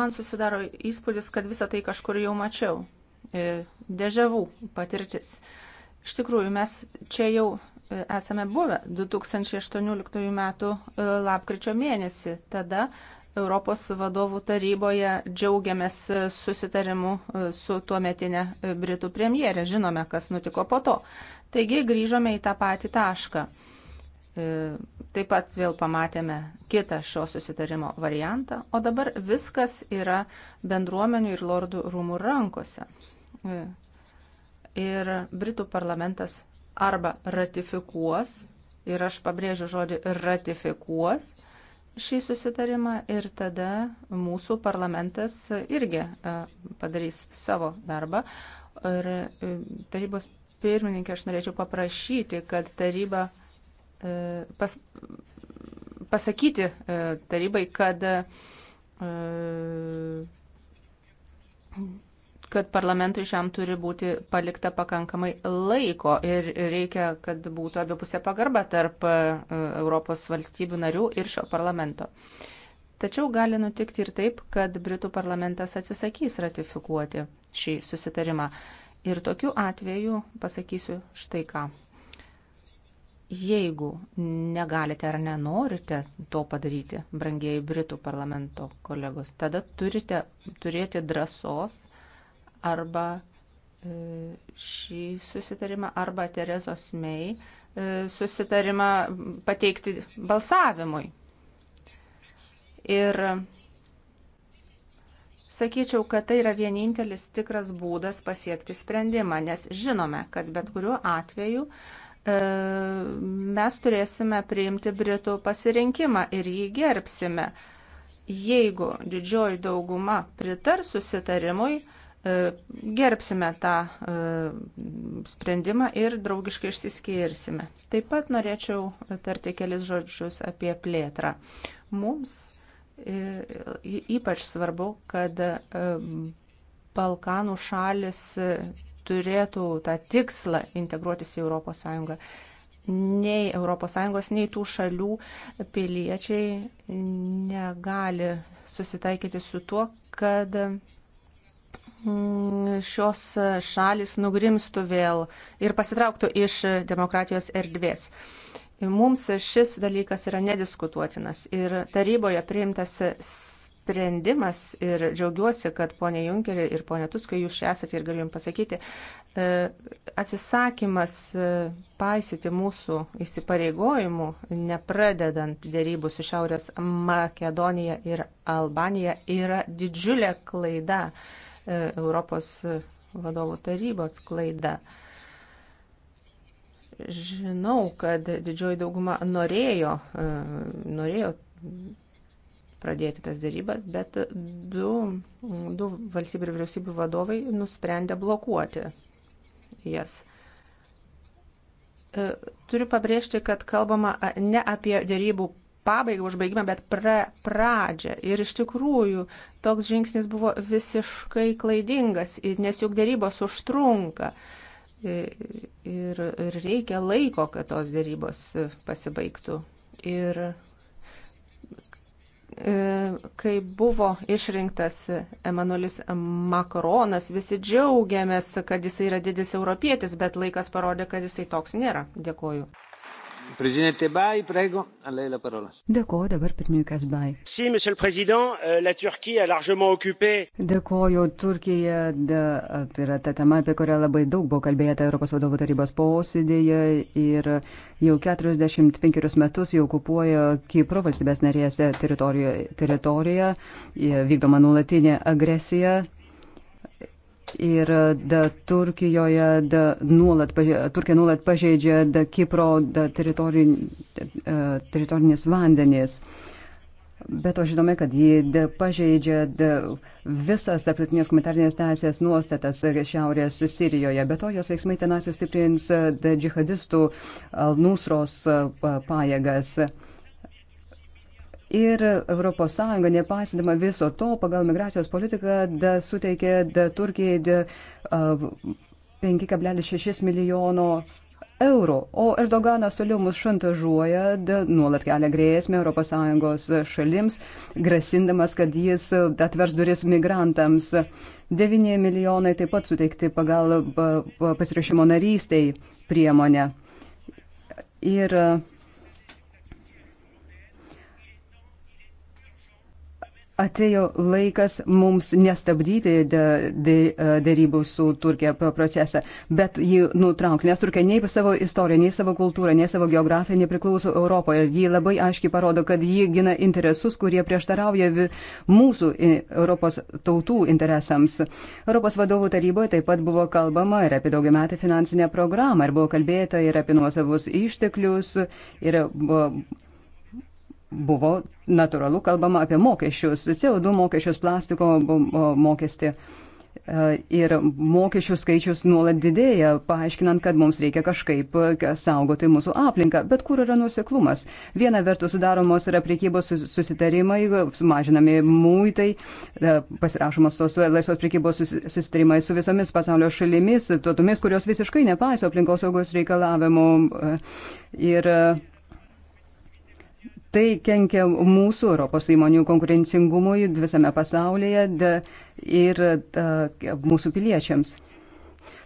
Man susidaro įspūdis, kad visą tai kažkur jau mačiau. Dežavų patirtis. Iš tikrųjų, mes čia jau e, esame buvę 2018 m. E, lapkričio mėnesį. Tada Europos vadovų taryboje džiaugiamės e, susitarimu su tuometinė Britų premjerė. Žinome, kas nutiko po to. Taigi grįžome į tą patį tašką. Taip pat vėl pamatėme kitą šio susitarimo variantą, o dabar viskas yra bendruomenių ir lordų rūmų rankose ir Britų parlamentas arba ratifikuos, ir aš pabrėžiu žodį ratifikuos šį susitarimą ir tada mūsų parlamentas irgi e, padarys savo darbą. Ir e, tarybos pirmininkė, aš norėčiau paprašyti, kad taryba e, pas, pasakyti tarybai, kad kad parlamentui šiam turi būti palikta pakankamai laiko ir reikia, kad būtų abipusė pagarba tarp e, Europos valstybių narių ir šio parlamento. Tačiau gali nutikti ir taip, kad Britų parlamentas atsisakys ratifikuoti šį susitarimą. Ir tokiu atveju pasakysiu štai ką. Jeigu negalite ar nenorite to padaryti, brangieji Britų parlamento kolegos, tada turite turėti drąsos arba e, šį susitarimą arba Terezos Mei susitarimą pateikti balsavimui. Ir sakyčiau, kad tai yra vienintelis tikras būdas pasiekti sprendimą, nes žinome, kad bet kuriuo atveju e, mes turėsime priimti Britų pasirinkimą ir jį gerbsime. Jeigu didžioji dauguma pritars susitarimui, E, gerbsime tą e, sprendimą ir draugiškai išsiskirsime. Taip pat norėčiau tarti kelis žodžius apie plėtrą. Mums e, ypač svarbu, kad Balkanų šalis turėtų tą tikslą integruotis į ES. Nei ES, nei tų šalių piliečiai negali susitaikyti su tuo, kad Mm, šios šalis nugrimstų vėl ir pasitrauktų iš demokratijos erdvės. Mums šis dalykas yra nediskutuotinas ir taryboje priimtas sprendimas ir džiaugiuosi, kad ponė Junkerį ir ponė Tuskai jūs čia esate ir galiu jums pasakyti, e, atsisakymas e, paisyti mūsų įsipareigojimų, nepradedant dėrybų su Šiaurės Makedonija ir Albanija, yra didžiulė klaida. E, Europos vadovų tarybos klaida. Žinau, kad didžioji dauguma norėjo, e, norėjo pradėti tas dėrybas, bet du, du valstybių ir vyriausybių vadovai nusprendė blokuoti jas. E, turiu pabrėžti, kad kalbama ne apie dėrybų pabaigą, užbaigimą, bet pra, pradžią. Ir iš tikrųjų toks žingsnis buvo visiškai klaidingas, nes juk dėrybos užtrunka. Ir, ir reikia laiko, kad tos dėrybos pasibaigtų. Ir kai buvo išrinktas Emanuelis Makronas, visi džiaugiamės, kad jisai yra didis europietis, bet laikas parodė, kad jisai toks nėra. Dėkuoju. Prezidentė Bai, prego, alei la parola. Dėkuoju dabar pirmininkas Bai. Si, monsieur le président, euh, la Turquija largement occupée. Dėkuoju, Turkija, da, tai yra ta tema, apie kurią labai daug buvo kalbėta Europos vadovų tarybos posėdėje ir jau 45 metus jau okupuoja Kipro valstybės narėse teritorijoje, teritoriją, vykdoma nuolatinė agresija Ir da, Turkijoje da, nuolat, Turkija nuolat pažeidžia da, Kipro da, teritorin, e, teritorinės vandenės. Bet o žinome, kad jį da, pažeidžia da, visas tarptautinės humanitarnės teisės nuostatas Šiaurės Sirijoje. Be to, jos veiksmai tenais sustiprins džihadistų Al-Nusros pajėgas. Pa, Ir ES, nepaisydama viso to, pagal migracijos politiką da, suteikė da, Turkijai da, 5,6 milijono eurų, o Erdoganas toliau mus šantažuoja, da, nuolat kelia grėsmę ES šalims, grasindamas, kad jis atvers duris migrantams. 9 milijonai taip pat suteikti pagal pasirašymo narystiai priemonę. Ir uh, atėjo laikas mums nestabdyti dėrybų e, su Turkija procesą, bet jį nutraukti, nes Turkija nei savo istoriją, nei savo kultūrą, nei savo geografiją nepriklauso Europoje ir jį labai aiškiai parodo, kad jį gina interesus, kurie prieštarauja mūsų e, Europos tautų interesams. Europos vadovų taryboje taip pat buvo kalbama ir apie daugiametę finansinę programą, ir buvo kalbėta ir apie nuosavus išteklius, ir buvo buvo natūralu kalbama apie mokesčius, CO2 mokesčius, plastiko mokestį. E, ir mokesčių skaičius nuolat didėja, paaiškinant, kad mums reikia kažkaip e, saugoti mūsų aplinką. Bet kur yra nuseklumas? Viena vertus sudaromos yra priekybos susitarimai, sumažinami mūtai, e, pasirašomos tos laisvos priekybos susitarimai su visomis pasaulio šalimis, tuotomis, kurios visiškai nepaiso aplinkosaugos reikalavimų. Ir Tai kenkia mūsų Europos įmonių konkurencingumui visame pasaulyje de, ir de, mūsų piliečiams.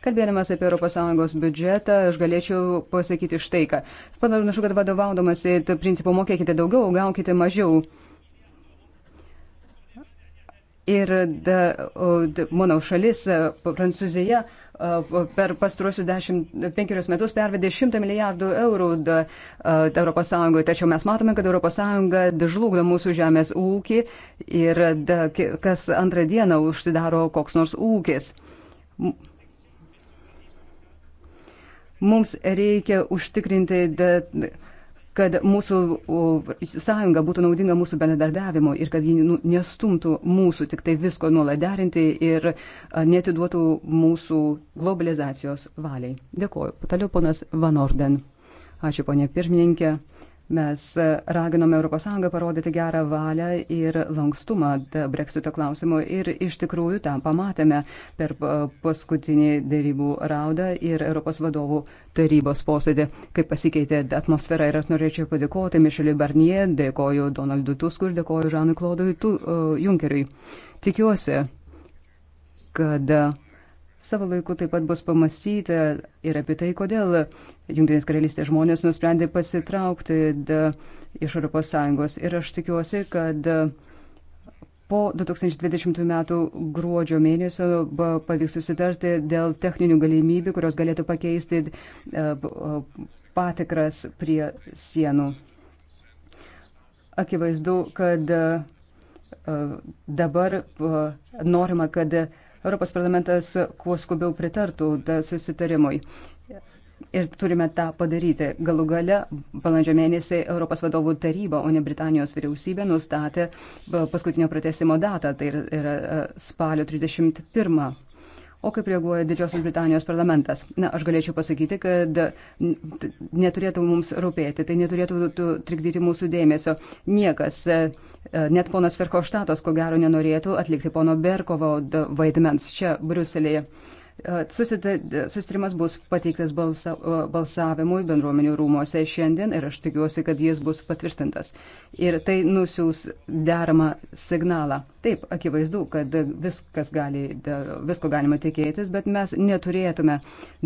Kalbėdamas apie ES biudžetą, aš galėčiau pasakyti štai ką. Panašu, kad vadovaudamas principu mokėkite daugiau, gaukite mažiau. Ir da, da, mano šalis, Prancūzija, per pastruosius 15 metus pervedė 100 milijardų eurų ES, tačiau mes matome, kad ES žlugdo mūsų žemės ūkį ir da, kas antrą dieną užsidaro koks nors ūkis. Mums reikia užtikrinti. Da, kad mūsų sąjunga būtų naudinga mūsų bendradarbiavimo ir kad ji nu, nestumtų mūsų tik tai visko nuolat derinti ir netiduotų mūsų globalizacijos valiai. Dėkuoju. Toliau ponas Van Orden. Ačiū, ponė pirmininkė. Mes e, raginome ES parodyti gerą valią ir lankstumą breksito klausimu ir iš tikrųjų tam pamatėme per e, paskutinį dėrybų raudą ir Europos vadovų tarybos posėdį, kaip pasikeitė atmosfera ir aš norėčiau padėkoti Mišeliui Barnie, dėkoju Donaldui Tuskui ir dėkoju Žanui Klodui e, Junkeriui. Tikiuosi, kad Savo laiku taip pat bus pamastyta ir apie tai, kodėl Junktinės karalystės žmonės nusprendė pasitraukti iš ES. Ir aš tikiuosi, kad po 2020 m. gruodžio mėnesio pavyks susitarti dėl techninių galimybių, kurios galėtų pakeisti e, patikras prie sienų. Akivaizdu, kad e, dabar e, norima, kad Europos parlamentas kuo skubiau pritartų susitarimui. Ir turime tą padaryti. Galų gale, balandžio mėnesį Europos vadovų taryba, o ne Britanijos vyriausybė, nustatė e, paskutinio pratesimo datą, tai yra e, spalio 31. O kaip reaguoja Didžiosios Britanijos parlamentas? Na, aš galėčiau pasakyti, kad neturėtų mums rūpėti, tai neturėtų trikdyti mūsų dėmesio. Niekas, e, E, net ponas Verhofštatas, ko gero, nenorėtų atlikti pono Berkovo vaidmens čia Bruselėje. E, susitarimas bus pateiktas balsa, e, balsavimui bendruomenių rūmose šiandien ir aš tikiuosi, kad jis bus patvirtintas. Ir tai nusiūs deramą signalą. Taip, akivaizdu, kad viskas gali, visko galima tikėtis, bet mes neturėtume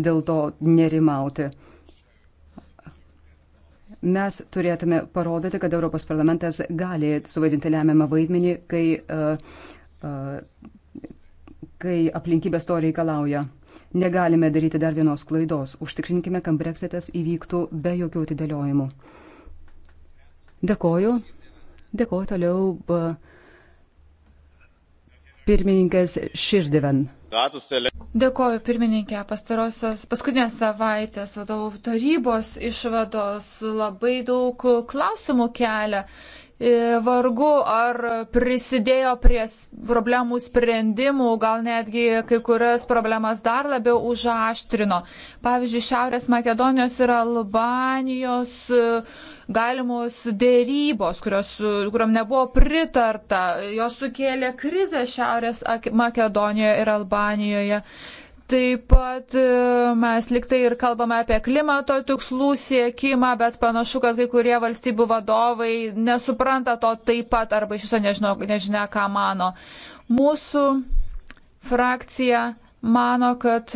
dėl to nerimauti mes turėtume parodyti, kad Europos parlamentas gali suvaidinti lemiamą vaidmenį, kai, uh, uh, kai aplinkybės to reikalauja. Negalime daryti dar vienos klaidos. Užtikrinkime, kad breksitas įvyktų be jokių atidėliojimų. Dėkoju. Dėkoju toliau uh, pirmininkas Širdiven. Dėkoju, pirmininkė. Pastarosios paskutinės savaitės vadovų tarybos išvados labai daug klausimų kelia. E, vargu ar prisidėjo prie problemų sprendimų, gal netgi kai kurias problemas dar labiau užaštrino. Pavyzdžiui, Šiaurės Makedonijos ir Albanijos e, galimos dėrybos, kurios, e, kuriam nebuvo pritarta, jos sukėlė krizę Šiaurės Makedonijoje ir Albanijoje. Taip pat e, mes liktai ir kalbame apie klimato tikslų siekimą, bet panašu, kad kai kurie valstybių vadovai nesupranta to taip pat arba iš viso nežino, nežinia, ką mano. Mūsų frakcija mano, kad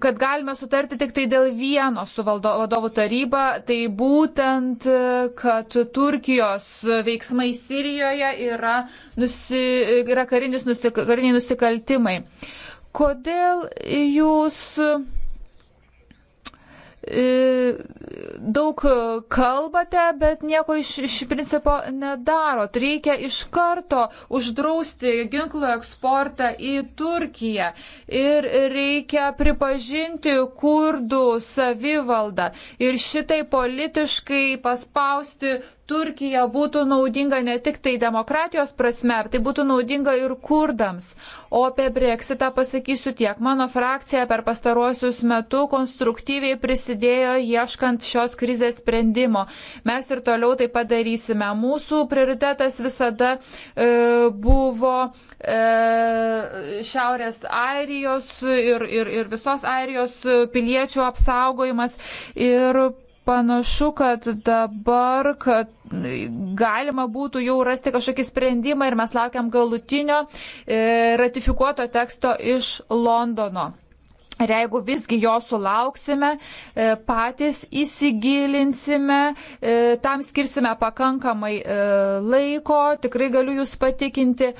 kad galime sutarti tik tai dėl vieno su valdo, vadovų taryba, tai būtent, e, kad Turkijos veiksmai Sirijoje yra, nusi, yra nusi, kariniai nusikaltimai. Uh, Kodėl jūs E, daug e, kalbate, bet nieko iš, iš principo nedarot. Reikia iš karto uždrausti ginklų eksportą į Turkiją ir reikia pripažinti kurdų savivaldą ir šitai politiškai paspausti Turkija būtų naudinga ne tik tai demokratijos prasme, tai būtų naudinga ir kurdams. O apie Brexitą pasakysiu tiek. Mano frakcija per pastaruosius metų konstruktyviai prisidėjo prisidėjo ieškant šios krizės sprendimo. Mes ir toliau tai padarysime. Mūsų prioritetas visada e, buvo e, Šiaurės Airijos ir, ir, ir visos Airijos piliečių apsaugojimas. Ir panašu, kad dabar, kad galima būtų jau rasti kažkokį sprendimą ir mes laukiam galutinio e, ratifikuoto teksto iš Londono. Ir jeigu visgi jo sulauksime, e, patys įsigilinsime, e, tam skirsime pakankamai e, laiko, tikrai galiu jūs patikinti.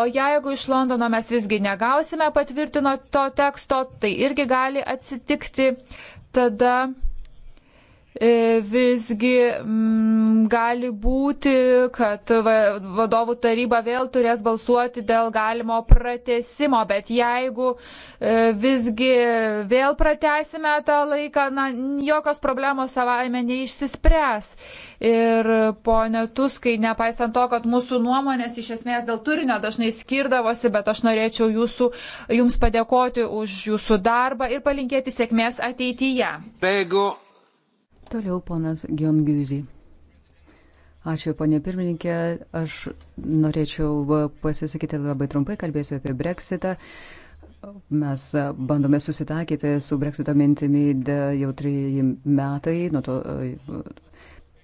O jeigu iš Londono mes visgi negausime patvirtino to teksto, tai irgi gali atsitikti. Tada E, visgi m, mm, gali būti, kad vadovų taryba vėl turės balsuoti dėl galimo pratesimo, bet jeigu e, visgi vėl pratesime tą laiką, na, jokios problemos savaime neišsispręs. Ir ponė Tuskai, nepaisant to, kad mūsų nuomonės iš esmės dėl turinio dažnai skirdavosi, bet aš norėčiau jūsų, jums padėkoti už jūsų darbą ir palinkėti sėkmės ateityje. Beigu. Toliau ponas Giongiuzi. Ačiū, ponė pirmininkė. Aš norėčiau pasisakyti labai trumpai, kalbėsiu apie breksitą. Mes bandome susitakyti su breksito mintimi jau trijai metai, nuo to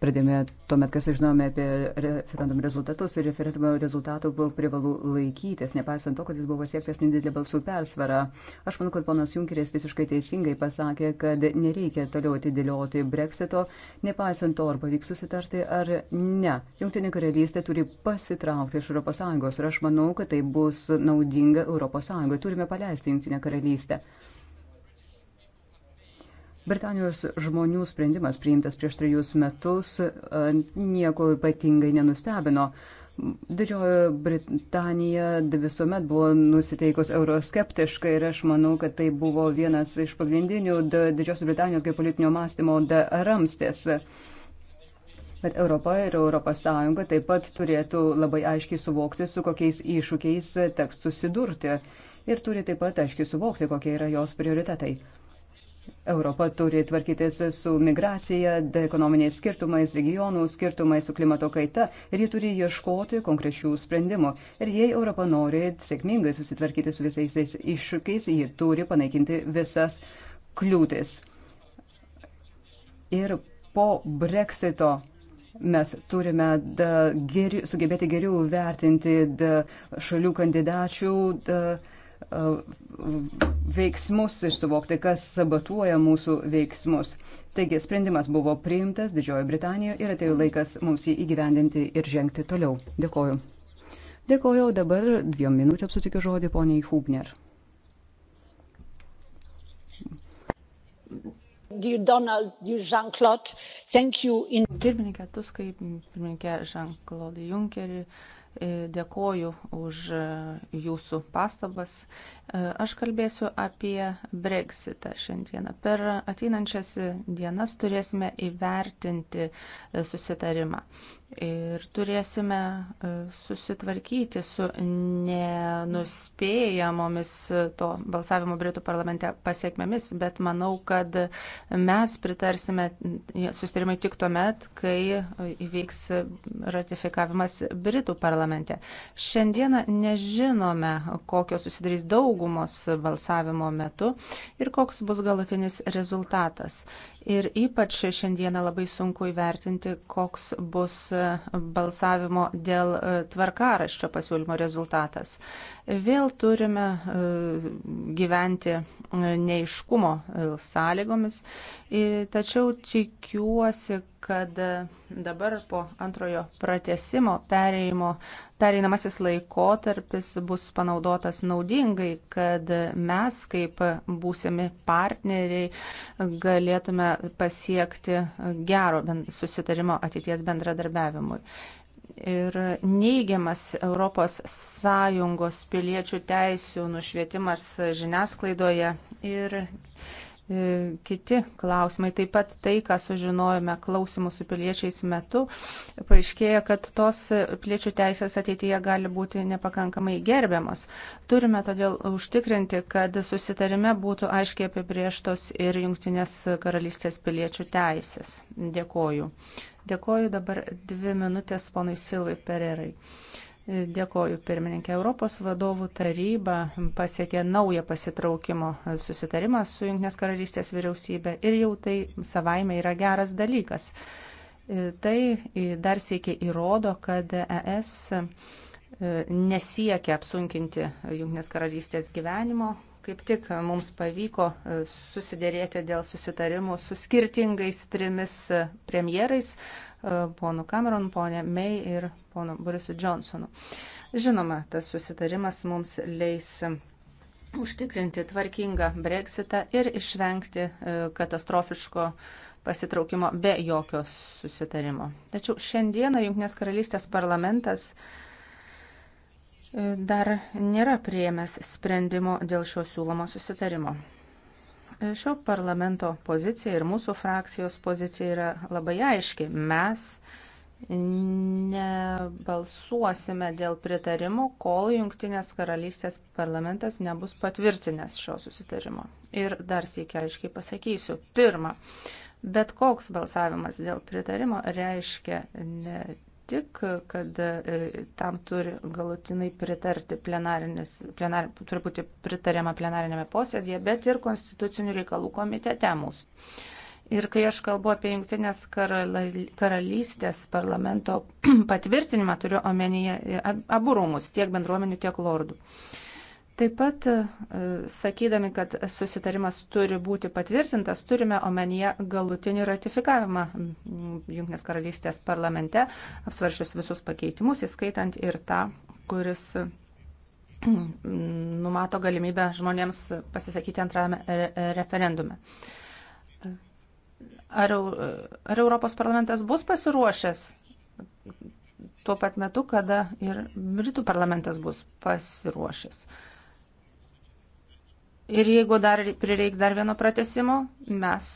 Pradėjome tuomet, kai sužinome apie referendumo rezultatus ir referendumo rezultatų buvo privalu laikytis, nepaisant to, kad jis buvo siektas nedidelė balsų persvara. Aš manau, kad ponas Junkeris visiškai teisingai pasakė, kad nereikia toliau atidėlioti breksito, nepaisant to, ar pavyks susitarti ar ne. Junktinė karalystė turi pasitraukti iš ES ir aš manau, kad tai bus naudinga ES. Turime paleisti Junktinę karalystę. Britanijos žmonių sprendimas priimtas prieš trejus metus e, nieko ypatingai nenustebino. Didžioji Britanija visuomet buvo nusiteikus euroskeptiškai ir aš manau, kad tai buvo vienas iš pagrindinių Didžiosios Britanijos geopolitinio mąstymo ramstės. Bet Europa ir Europos Sąjunga taip pat turėtų labai aiškiai suvokti, su kokiais iššūkiais teks susidurti ir turi taip pat aiškiai suvokti, kokie yra jos prioritetai. Europa turi tvarkytis su migracija, ekonominiais skirtumais, regionų skirtumais, su klimato kaita ir ji turi ieškoti konkrečių sprendimų. Ir jei Europa nori sėkmingai susitvarkyti su visais tais iššūkiais, ji turi panaikinti visas kliūtis. Ir po Brexito mes turime da, geri, sugebėti geriau vertinti da, šalių kandidačių. Da, veiksmus ir suvokti, kas sabotuoja mūsų veiksmus. Taigi sprendimas buvo priimtas Didžiojo Britanijoje ir atėjo laikas mums jį įgyvendinti ir žengti toliau. Dėkoju. Dėkoju, dabar dviem minutėm sutikiu žodį poniai Hubner. Pirmininkė Tuskai, pirmininkė Jean-Claude Juncker, E, dėkoju už e, jūsų pastabas. E, aš kalbėsiu apie Brexitą šiandieną. Per ateinančias dienas turėsime įvertinti susitarimą ir turėsime susitvarkyti su nenuspėjamomis to balsavimo Britų parlamente pasiekmėmis, bet manau, kad mes pritarsime susitarimui tik tuomet, kai įvyks ratifikavimas Britų parlamente parlamente. Šiandieną nežinome, kokios susidarys daugumos balsavimo metu ir koks bus galutinis rezultatas. Ir ypač šiandieną labai sunku įvertinti, koks bus e, balsavimo dėl e, tvarkaraščio pasiūlymo rezultatas. Vėl turime e, gyventi neiškumo sąlygomis, tačiau tikiuosi, kad dabar po antrojo pratesimo pereimo pereinamasis laikotarpis bus panaudotas naudingai, kad mes kaip būsimi partneriai galėtume pasiekti gero susitarimo ateities bendradarbiavimui ir neigiamas ES piliečių teisių nušvietimas žiniasklaidoje ir E, kiti klausimai. Taip pat tai, ką sužinojome klausimų su piliečiais metu, paaiškėja, kad tos piliečių teisės ateityje gali būti nepakankamai gerbiamos. Turime todėl užtikrinti, kad susitarime būtų aiškiai apibrieštos ir jungtinės karalystės piliečių teisės. Dėkoju. Dėkoju dabar dvi minutės ponui Silvai Pererai. Dėkoju, pirmininkė. Europos vadovų taryba pasiekė naują pasitraukimo susitarimą su Junktinės karalystės vyriausybė ir jau tai savaime yra geras dalykas. Tai dar sėkiai įrodo, kad ES nesiekia apsunkinti Junktinės karalystės gyvenimo, Kaip tik mums pavyko e, susidėrėti dėl susitarimų su skirtingais trimis e, premjerais e, - ponu Cameron, ponė May ir ponu Borisu Johnsonu. Žinoma, tas susitarimas mums leis užtikrinti tvarkingą breksitą ir išvengti katastrofiško pasitraukimo be jokio susitarimo. Tačiau šiandieną Junktinės karalystės parlamentas uh, E, dar nėra priėmęs sprendimo dėl šio siūlomo susitarimo. E, šio parlamento pozicija ir mūsų frakcijos pozicija yra labai aiški. Mes nebalsuosime dėl pritarimo, kol Junktinės karalystės parlamentas nebus patvirtinęs šio susitarimo. Ir dar sėkia aiškiai pasakysiu. Pirma, bet koks balsavimas dėl pritarimo reiškia ne tik, kad e, tam turi galutinai pritarti plenarinis, plenar, turi būti pritariama plenarinėme posėdėje, bet ir konstitucinių reikalų komitete mūsų. Ir kai aš kalbu apie Junktinės karalystės parlamento <clears throat> patvirtinimą, turiu omenyje e, abu rūmus, tiek bendruomenių, tiek lordų. Uh, Taip pat, e, sakydami, kad susitarimas turi būti patvirtintas, turime omenyje galutinį ratifikavimą Junknės karalystės parlamente, apsvaršius visus pakeitimus, įskaitant ir tą, kuris e, numato galimybę žmonėms pasisakyti antrajame referendume. Ar, ar Europos parlamentas bus pasiruošęs tuo pat metu, kada ir Britų parlamentas bus pasiruošęs? Ir jeigu dar prireiks dar vieno pratesimo, mes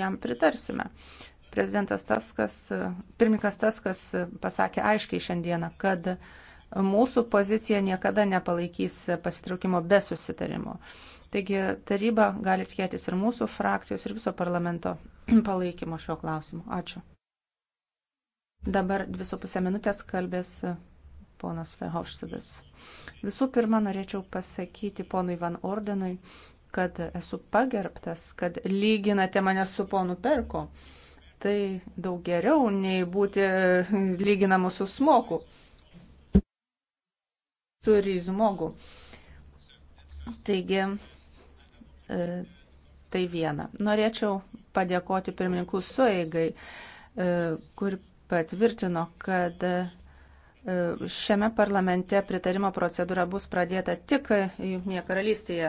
jam pritarsime. Prezidentas Taskas, pirmininkas Taskas pasakė aiškiai šiandieną, kad mūsų pozicija niekada nepalaikys pasitraukimo be susitarimo. Taigi taryba gali tikėtis ir mūsų frakcijos, ir viso parlamento <clears throat> palaikymo šiuo klausimu. Ačiū. Dabar dvi su pusė minutės kalbės ponas Verhofštadas. Visų pirma, norėčiau pasakyti ponui Van Ordenui, kad esu pagerbtas, kad lyginate mane su ponu Perko. Tai daug geriau nei būti e, lyginamu su smoku, su rizmogu. Taigi, e, tai viena. Norėčiau padėkoti pirmininkų sueigai, e, kur patvirtino, kad šiame parlamente pritarimo procedūra bus pradėta tik Junktinėje karalystėje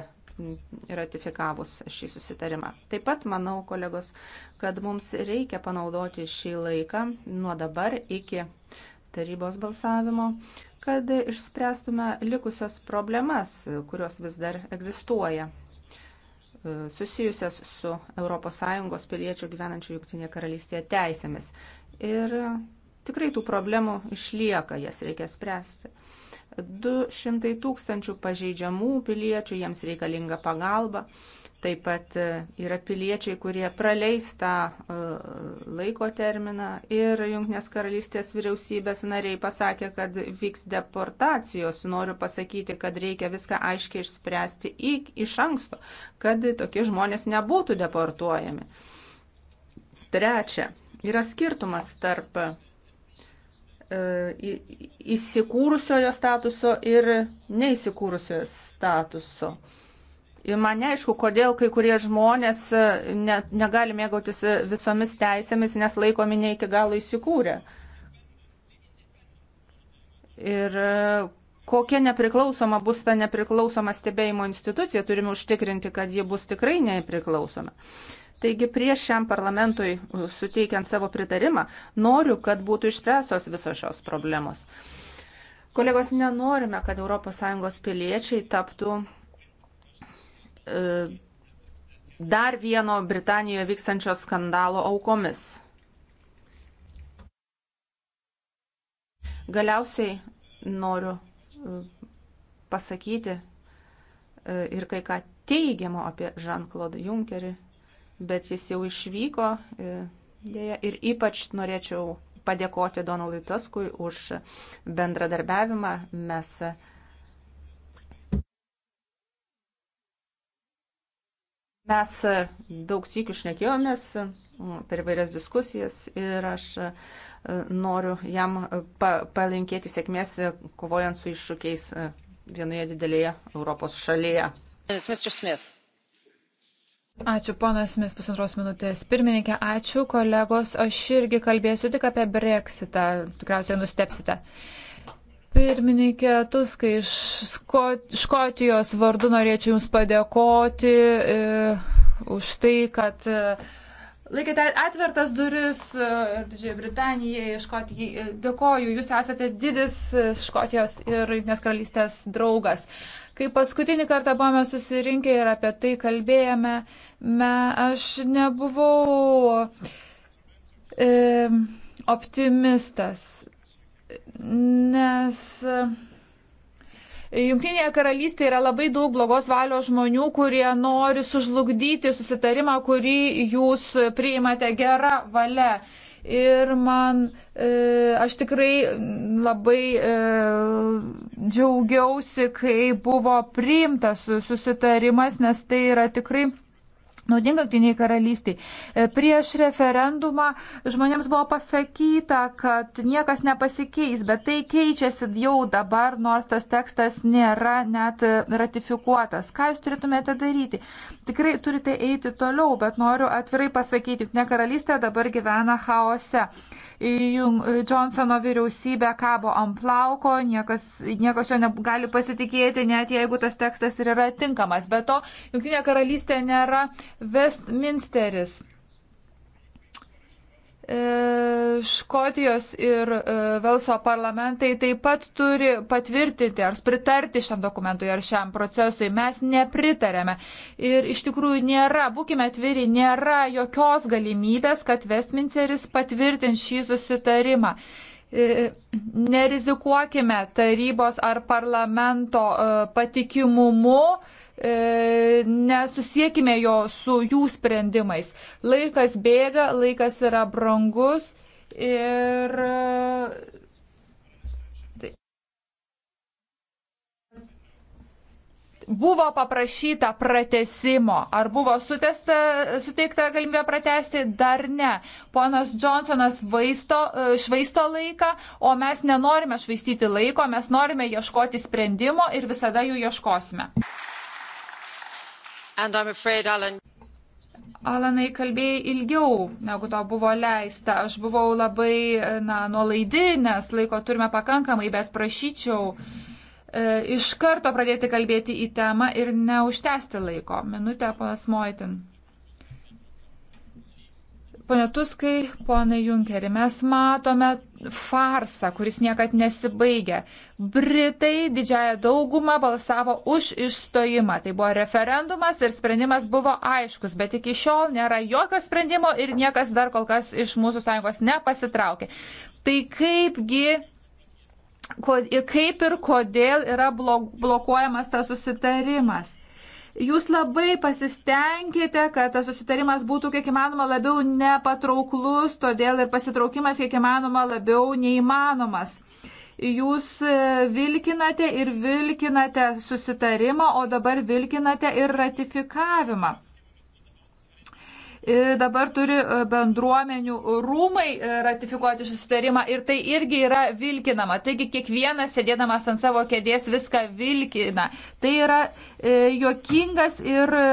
ratifikavus šį susitarimą. Taip pat manau, kolegos, kad mums reikia panaudoti šį laiką nuo dabar iki tarybos balsavimo, kad išspręstume likusias problemas, kurios vis dar egzistuoja susijusias su ES piliečių gyvenančių Junktinėje karalystėje teisėmis. Ir Tikrai tų problemų išlieka, jas reikia spręsti. 200 tūkstančių pažeidžiamų piliečių, jiems reikalinga pagalba. Taip pat e, yra piliečiai, kurie praleis tą e, laiko terminą ir Junknės karalystės vyriausybės nariai pasakė, kad vyks deportacijos. Noriu pasakyti, kad reikia viską aiškiai išspręsti į, iš anksto, kad tokie žmonės nebūtų deportuojami. Trečia, yra skirtumas tarp E, įsikūrusiojo statuso ir neįsikūrusiojo statuso. Ir man neaišku, kodėl kai kurie žmonės e, ne, negali mėgautis e, visomis teisėmis, nes laikomi ne iki galo įsikūrę. Ir kokia nepriklausoma bus ta nepriklausoma stebėjimo institucija, turime užtikrinti, kad ji bus tikrai nepriklausoma. Uh, Taigi prieš šiam parlamentui uh, suteikiant savo pritarimą, noriu, kad būtų išspręstos visos šios problemos. Kolegos, nenorime, kad ES piliečiai taptų e, dar vieno Britanijoje vykstančio skandalo aukomis. Galiausiai noriu uh, pasakyti ir kai ką teigiamo apie Jean-Claude Junckerį bet jis jau išvyko. E, dėja, ir ypač norėčiau padėkoti Donaldui Tuskui už bendradarbiavimą. Mes e, Mes e, daug sykių šnekėjomės per vairias diskusijas ir aš noriu jam pa palinkėti sėkmės kovojant su iššūkiais vienoje didelėje Europos šalyje. Mr. Smith. Ačiū, ponas Mis, pusantros minutės. Pirmininkė, ačiū, kolegos. Aš irgi kalbėsiu tik apie Brexitą. Tikriausiai nustepsite. Pirmininkė Tuskai, iš Sko Škotijos vardu norėčiau Jums padėkoti e, už tai, kad e, laikėte atvertas duris e, Didžiai Britanijai, Škotijai. E, dėkoju, Jūs esate didis e, Škotijos ir Junktinės karalystės draugas. E, Kai paskutinį kartą buvome susirinkę ir apie tai kalbėjome, me, aš nebuvau e, optimistas, nes. E, Junktinėje karalystėje yra labai daug blogos valios žmonių, kurie nori sužlugdyti susitarimą, kurį jūs priimate gerą valią ir man, e, aš tikrai labai e, džiaugiausi, kai buvo priimtas susitarimas, nes tai yra tikrai naudinga Junktiniai karalystiai. E, prieš referendumą žmonėms buvo pasakyta, kad niekas nepasikeis, bet tai keičiasi jau dabar, nors tas tekstas nėra net ratifikuotas. Ką jūs turėtumėte daryti? Tikrai turite eiti toliau, bet noriu atvirai pasakyti, Junktinė karalystė dabar gyvena chaose. Johnsono vyriausybė kabo ant plauko, niekas, niekas jo negali pasitikėti, net jeigu tas tekstas ir yra tinkamas. Be to, Junktinė karalystė nėra Westminsteris. E, Škotijos ir e, Velso parlamentai taip pat turi patvirtinti ar pritarti šiam dokumentui ar šiam procesui. Mes nepritarėme. Ir iš tikrųjų nėra, būkime atviri, nėra jokios galimybės, kad Westminsteris patvirtins šį susitarimą. E, nerizikuokime tarybos ar parlamento patikimumu E, nesusiekime jo su jų sprendimais. Laikas bėga, laikas yra brangus ir. E, buvo paprašyta pratesimo. Ar buvo sutesta, suteikta galimybė pratesti? Dar ne. Ponas Johnsonas vaisto, e, švaisto laiką, o mes nenorime švaistyti laiko, mes norime ieškoti sprendimo ir visada jų ieškosime. Afraid, Alan... Alanai kalbėjai ilgiau, negu to buvo leista. Aš buvau labai na, nuolaidi, nes laiko turime pakankamai, bet prašyčiau e, iš karto pradėti kalbėti į temą ir neužtęsti laiko. Minutę, panas Moitin. Pone Tuskai, ponai Junkeri, mes matome farsą, kuris niekad nesibaigia. Britai didžiąją daugumą balsavo už išstojimą. Tai buvo referendumas ir sprendimas buvo aiškus, bet iki šiol nėra jokio sprendimo ir niekas dar kol kas iš mūsų sąjungos nepasitraukė. Tai kaipgi ir kaip ir kodėl yra blokuojamas tas susitarimas. Jūs labai pasistengėte, kad tas susitarimas būtų kiek įmanoma labiau nepatrauklus, todėl ir pasitraukimas kiek įmanoma labiau neįmanomas. Jūs e, vilkinate ir vilkinate susitarimą, o dabar vilkinate ir ratifikavimą dabar turi e, bendruomenių rūmai e, ratifikuoti susitarimą ir tai irgi yra vilkinama. Taigi kiekvienas sėdėdamas ant savo kėdės viską vilkina. Tai yra e, juokingas ir e,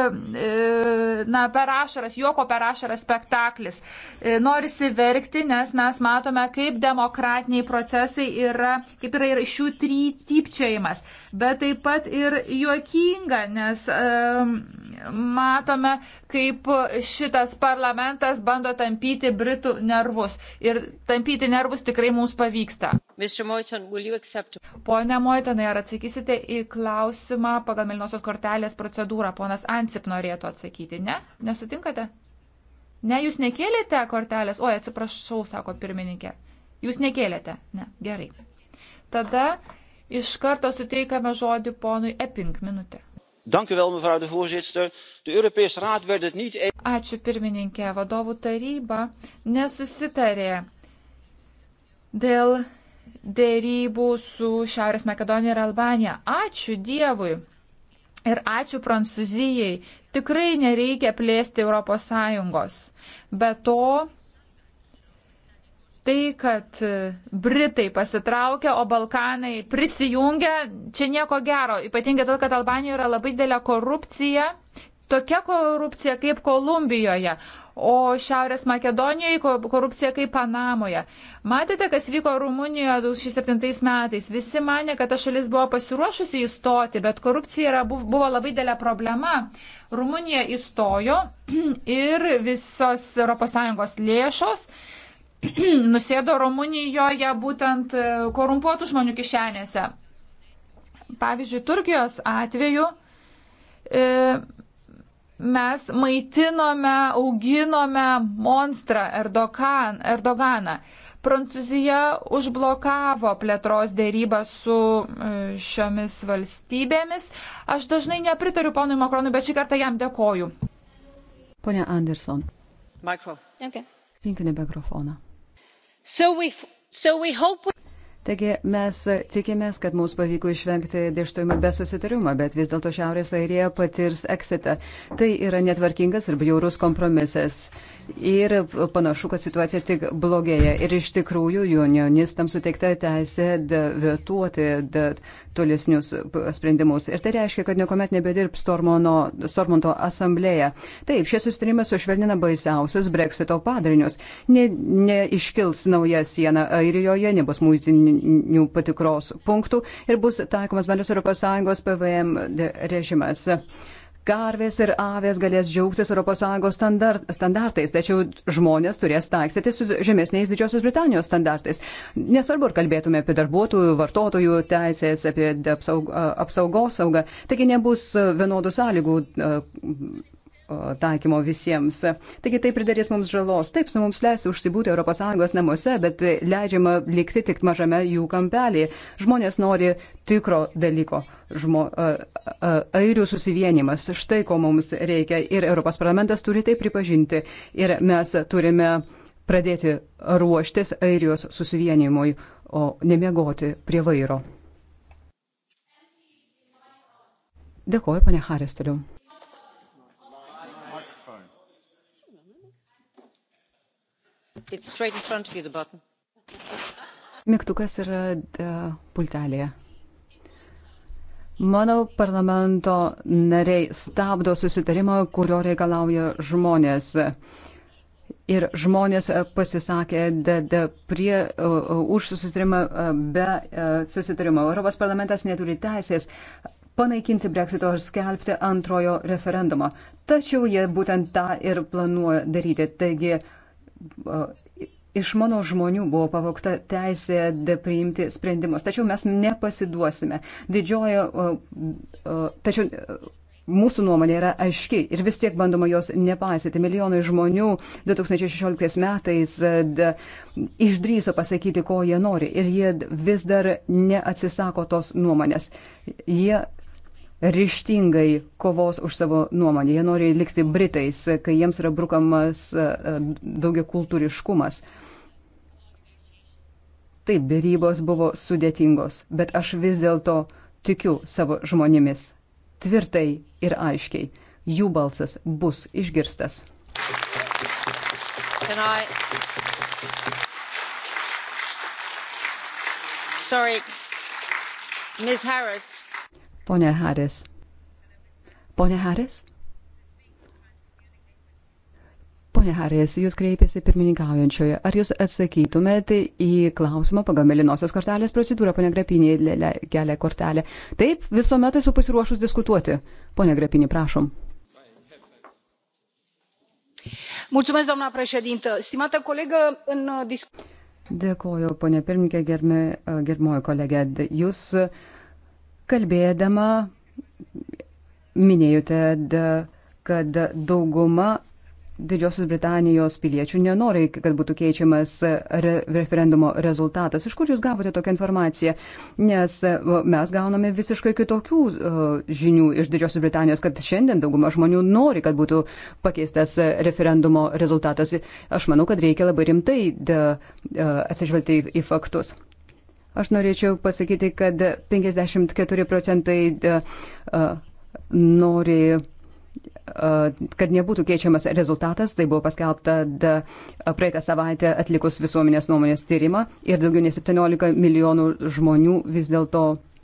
na, perašaras, juoko perašaras spektaklis. E, norisi verkti, nes mes matome, kaip demokratiniai procesai yra, kaip yra ir šių trypčiajimas. Bet taip pat ir juokinga, nes e, matome, kaip šitas šitas parlamentas bando tampyti Britų nervus. Ir tampyti nervus tikrai mums pavyksta. Moyton, Pone Moitonai, ar atsakysite į klausimą pagal Melinosios kortelės procedūrą? Ponas Ansip norėtų atsakyti. Ne? Nesutinkate? Ne, jūs nekėlėte kortelės. Oi, atsiprašau, sako pirmininkė. Jūs nekėlėte. Ne, gerai. Tada iš karto suteikame žodį ponui Epink minutę voorzitter de europese raad werd het niet. ačiū pirmininke vadovų taryba nesusitarė dėl dėrybų su šiaurės makedonija ir albanija ačiū dievui ir ačiū prancūzijai tikrai nereikia plėsti europos sąjungos be to Tai, kad e, Britai pasitraukia, o Balkanai prisijungia, čia nieko gero. Ypatingai todėl, kad Albanijoje yra labai didelė korupcija, tokia korupcija kaip Kolumbijoje, o Šiaurės Makedonijoje korupcija kaip Panamoje. Matėte, kas vyko Rumunijoje 2007 metais. Visi mane, kad ta šalis buvo pasiruošusi įstoti, bet korupcija yra, buvo labai dėlė problema. Rumunija įstojo <clears throat> ir visos ES lėšos <clears throat> nusėdo Rumunijoje būtent e, korumpuotų žmonių kišenėse. Pavyzdžiui, Turkijos atveju e, mes maitinome, auginome monstrą Erdogan, Erdoganą. Prancūzija užblokavo plėtros dėrybą su e, šiomis valstybėmis. Aš dažnai nepritariu ponui Makronui, bet šį kartą jam dėkoju. Pone Anderson. Mikro. Okay. Sinkite mikrofoną so we hope. Taigi mes tikimės, kad mums pavyko išvengti dėštojimą be susitarimo, bet vis dėlto Šiaurės Airija patirs eksitą. Tai yra netvarkingas ir bjaurus kompromisas. Ir panašu, kad situacija tik blogėja. Ir iš tikrųjų unionistams suteikta teisė vetuoti tolesnius sprendimus. Ir tai reiškia, kad niekuomet nebedirbs Stormonto asamblėje. Taip, šie susitarimai sušvelnina baisiausius breksito padarinius. Neiškils ne, ne nauja siena Airijoje, nebus mūtinių pasieninių patikros punktų ir bus taikomas bendras ES PVM režimas. Karvės ir avės galės džiaugtis ES standart, standartais, tačiau žmonės turės taikstyti su žemesniais Didžiosios Britanijos standartais. Nesvarbu, ar kalbėtume apie darbuotojų, vartotojų teisės, apie apsaug, apsaugos saugą, taigi nebus vienodų sąlygų taikymo visiems. Taigi tai pridarys mums žalos. Taip, su mums leis užsibūti ES namuose, bet leidžiama likti tik mažame jų kampelį. Žmonės nori tikro dalyko. Žmo, uh, uh, airių susivienimas. Štai ko mums reikia. Ir Europos parlamentas turi tai pripažinti. Ir mes turime pradėti ruoštis airijos susivienimui, o nemiegoti prie vairo. Dėkuoju, pane Haris, toliau. Mygtukas yra e, pultelėje. Mano parlamento nariai stabdo susitarimą, kurio reikalauja žmonės. Ir žmonės e, pasisakė de, de, prie, uh, už susitarimą uh, be uh, susitarimo. Europos parlamentas neturi teisės panaikinti breksito ir skelbti antrojo referendumo. Tačiau jie būtent tą ir planuoja daryti. Taigi, uh, iš mano žmonių buvo pavokta teisė priimti sprendimus. Tačiau mes nepasiduosime. Didžiojo, tačiau mūsų nuomonė yra aiški ir vis tiek bandoma jos nepaisyti. Milijonai žmonių 2016 metais da, išdryso pasakyti, ko jie nori ir jie vis dar neatsisako tos nuomonės. Jie ryštingai kovos už savo nuomonę. Jie nori likti Britais, kai jiems yra brukamas e, daugia kultūriškumas. Taip, dėrybos buvo sudėtingos, bet aš vis dėlto tikiu savo žmonėmis. Tvirtai ir aiškiai. Jų balsas bus išgirstas. Can I... Sorry, Ms. Harris. Pone Haris. Pone Haris? Pone Harės, jūs kreipėsi pirmininkaujančioje. Ar jūs atsakytumėte į klausimą pagal melinosios kortelės procedūrą, pone Grapinė, kelia kortelę? Taip, visuomet esu pasiruošus diskutuoti. Pone Grapinė, prašom. Mulțumesc, doamna președintă. Stimată colegă, în discuție. Dėkoju, ponė pirmininkė, germoji kolegė. Jūs uh, kalbėdama minėjote, kad dauguma Didžiosios Britanijos piliečių nenori, kad būtų keičiamas re referendumo rezultatas. Iš kur jūs gavote tokią informaciją? Nes mes gauname visiškai kitokių uh, žinių iš Didžiosios Britanijos, kad šiandien dauguma žmonių nori, kad būtų pakeistas referendumo rezultatas. Aš manau, kad reikia labai rimtai uh, atsižvelgti į, į faktus. Aš norėčiau pasakyti, kad 54 procentai e, e, nori e, kad nebūtų keičiamas rezultatas, tai buvo paskelbta praeitą savaitę atlikus visuomenės nuomonės tyrimą ir daugiau nei 17 milijonų žmonių vis dėlto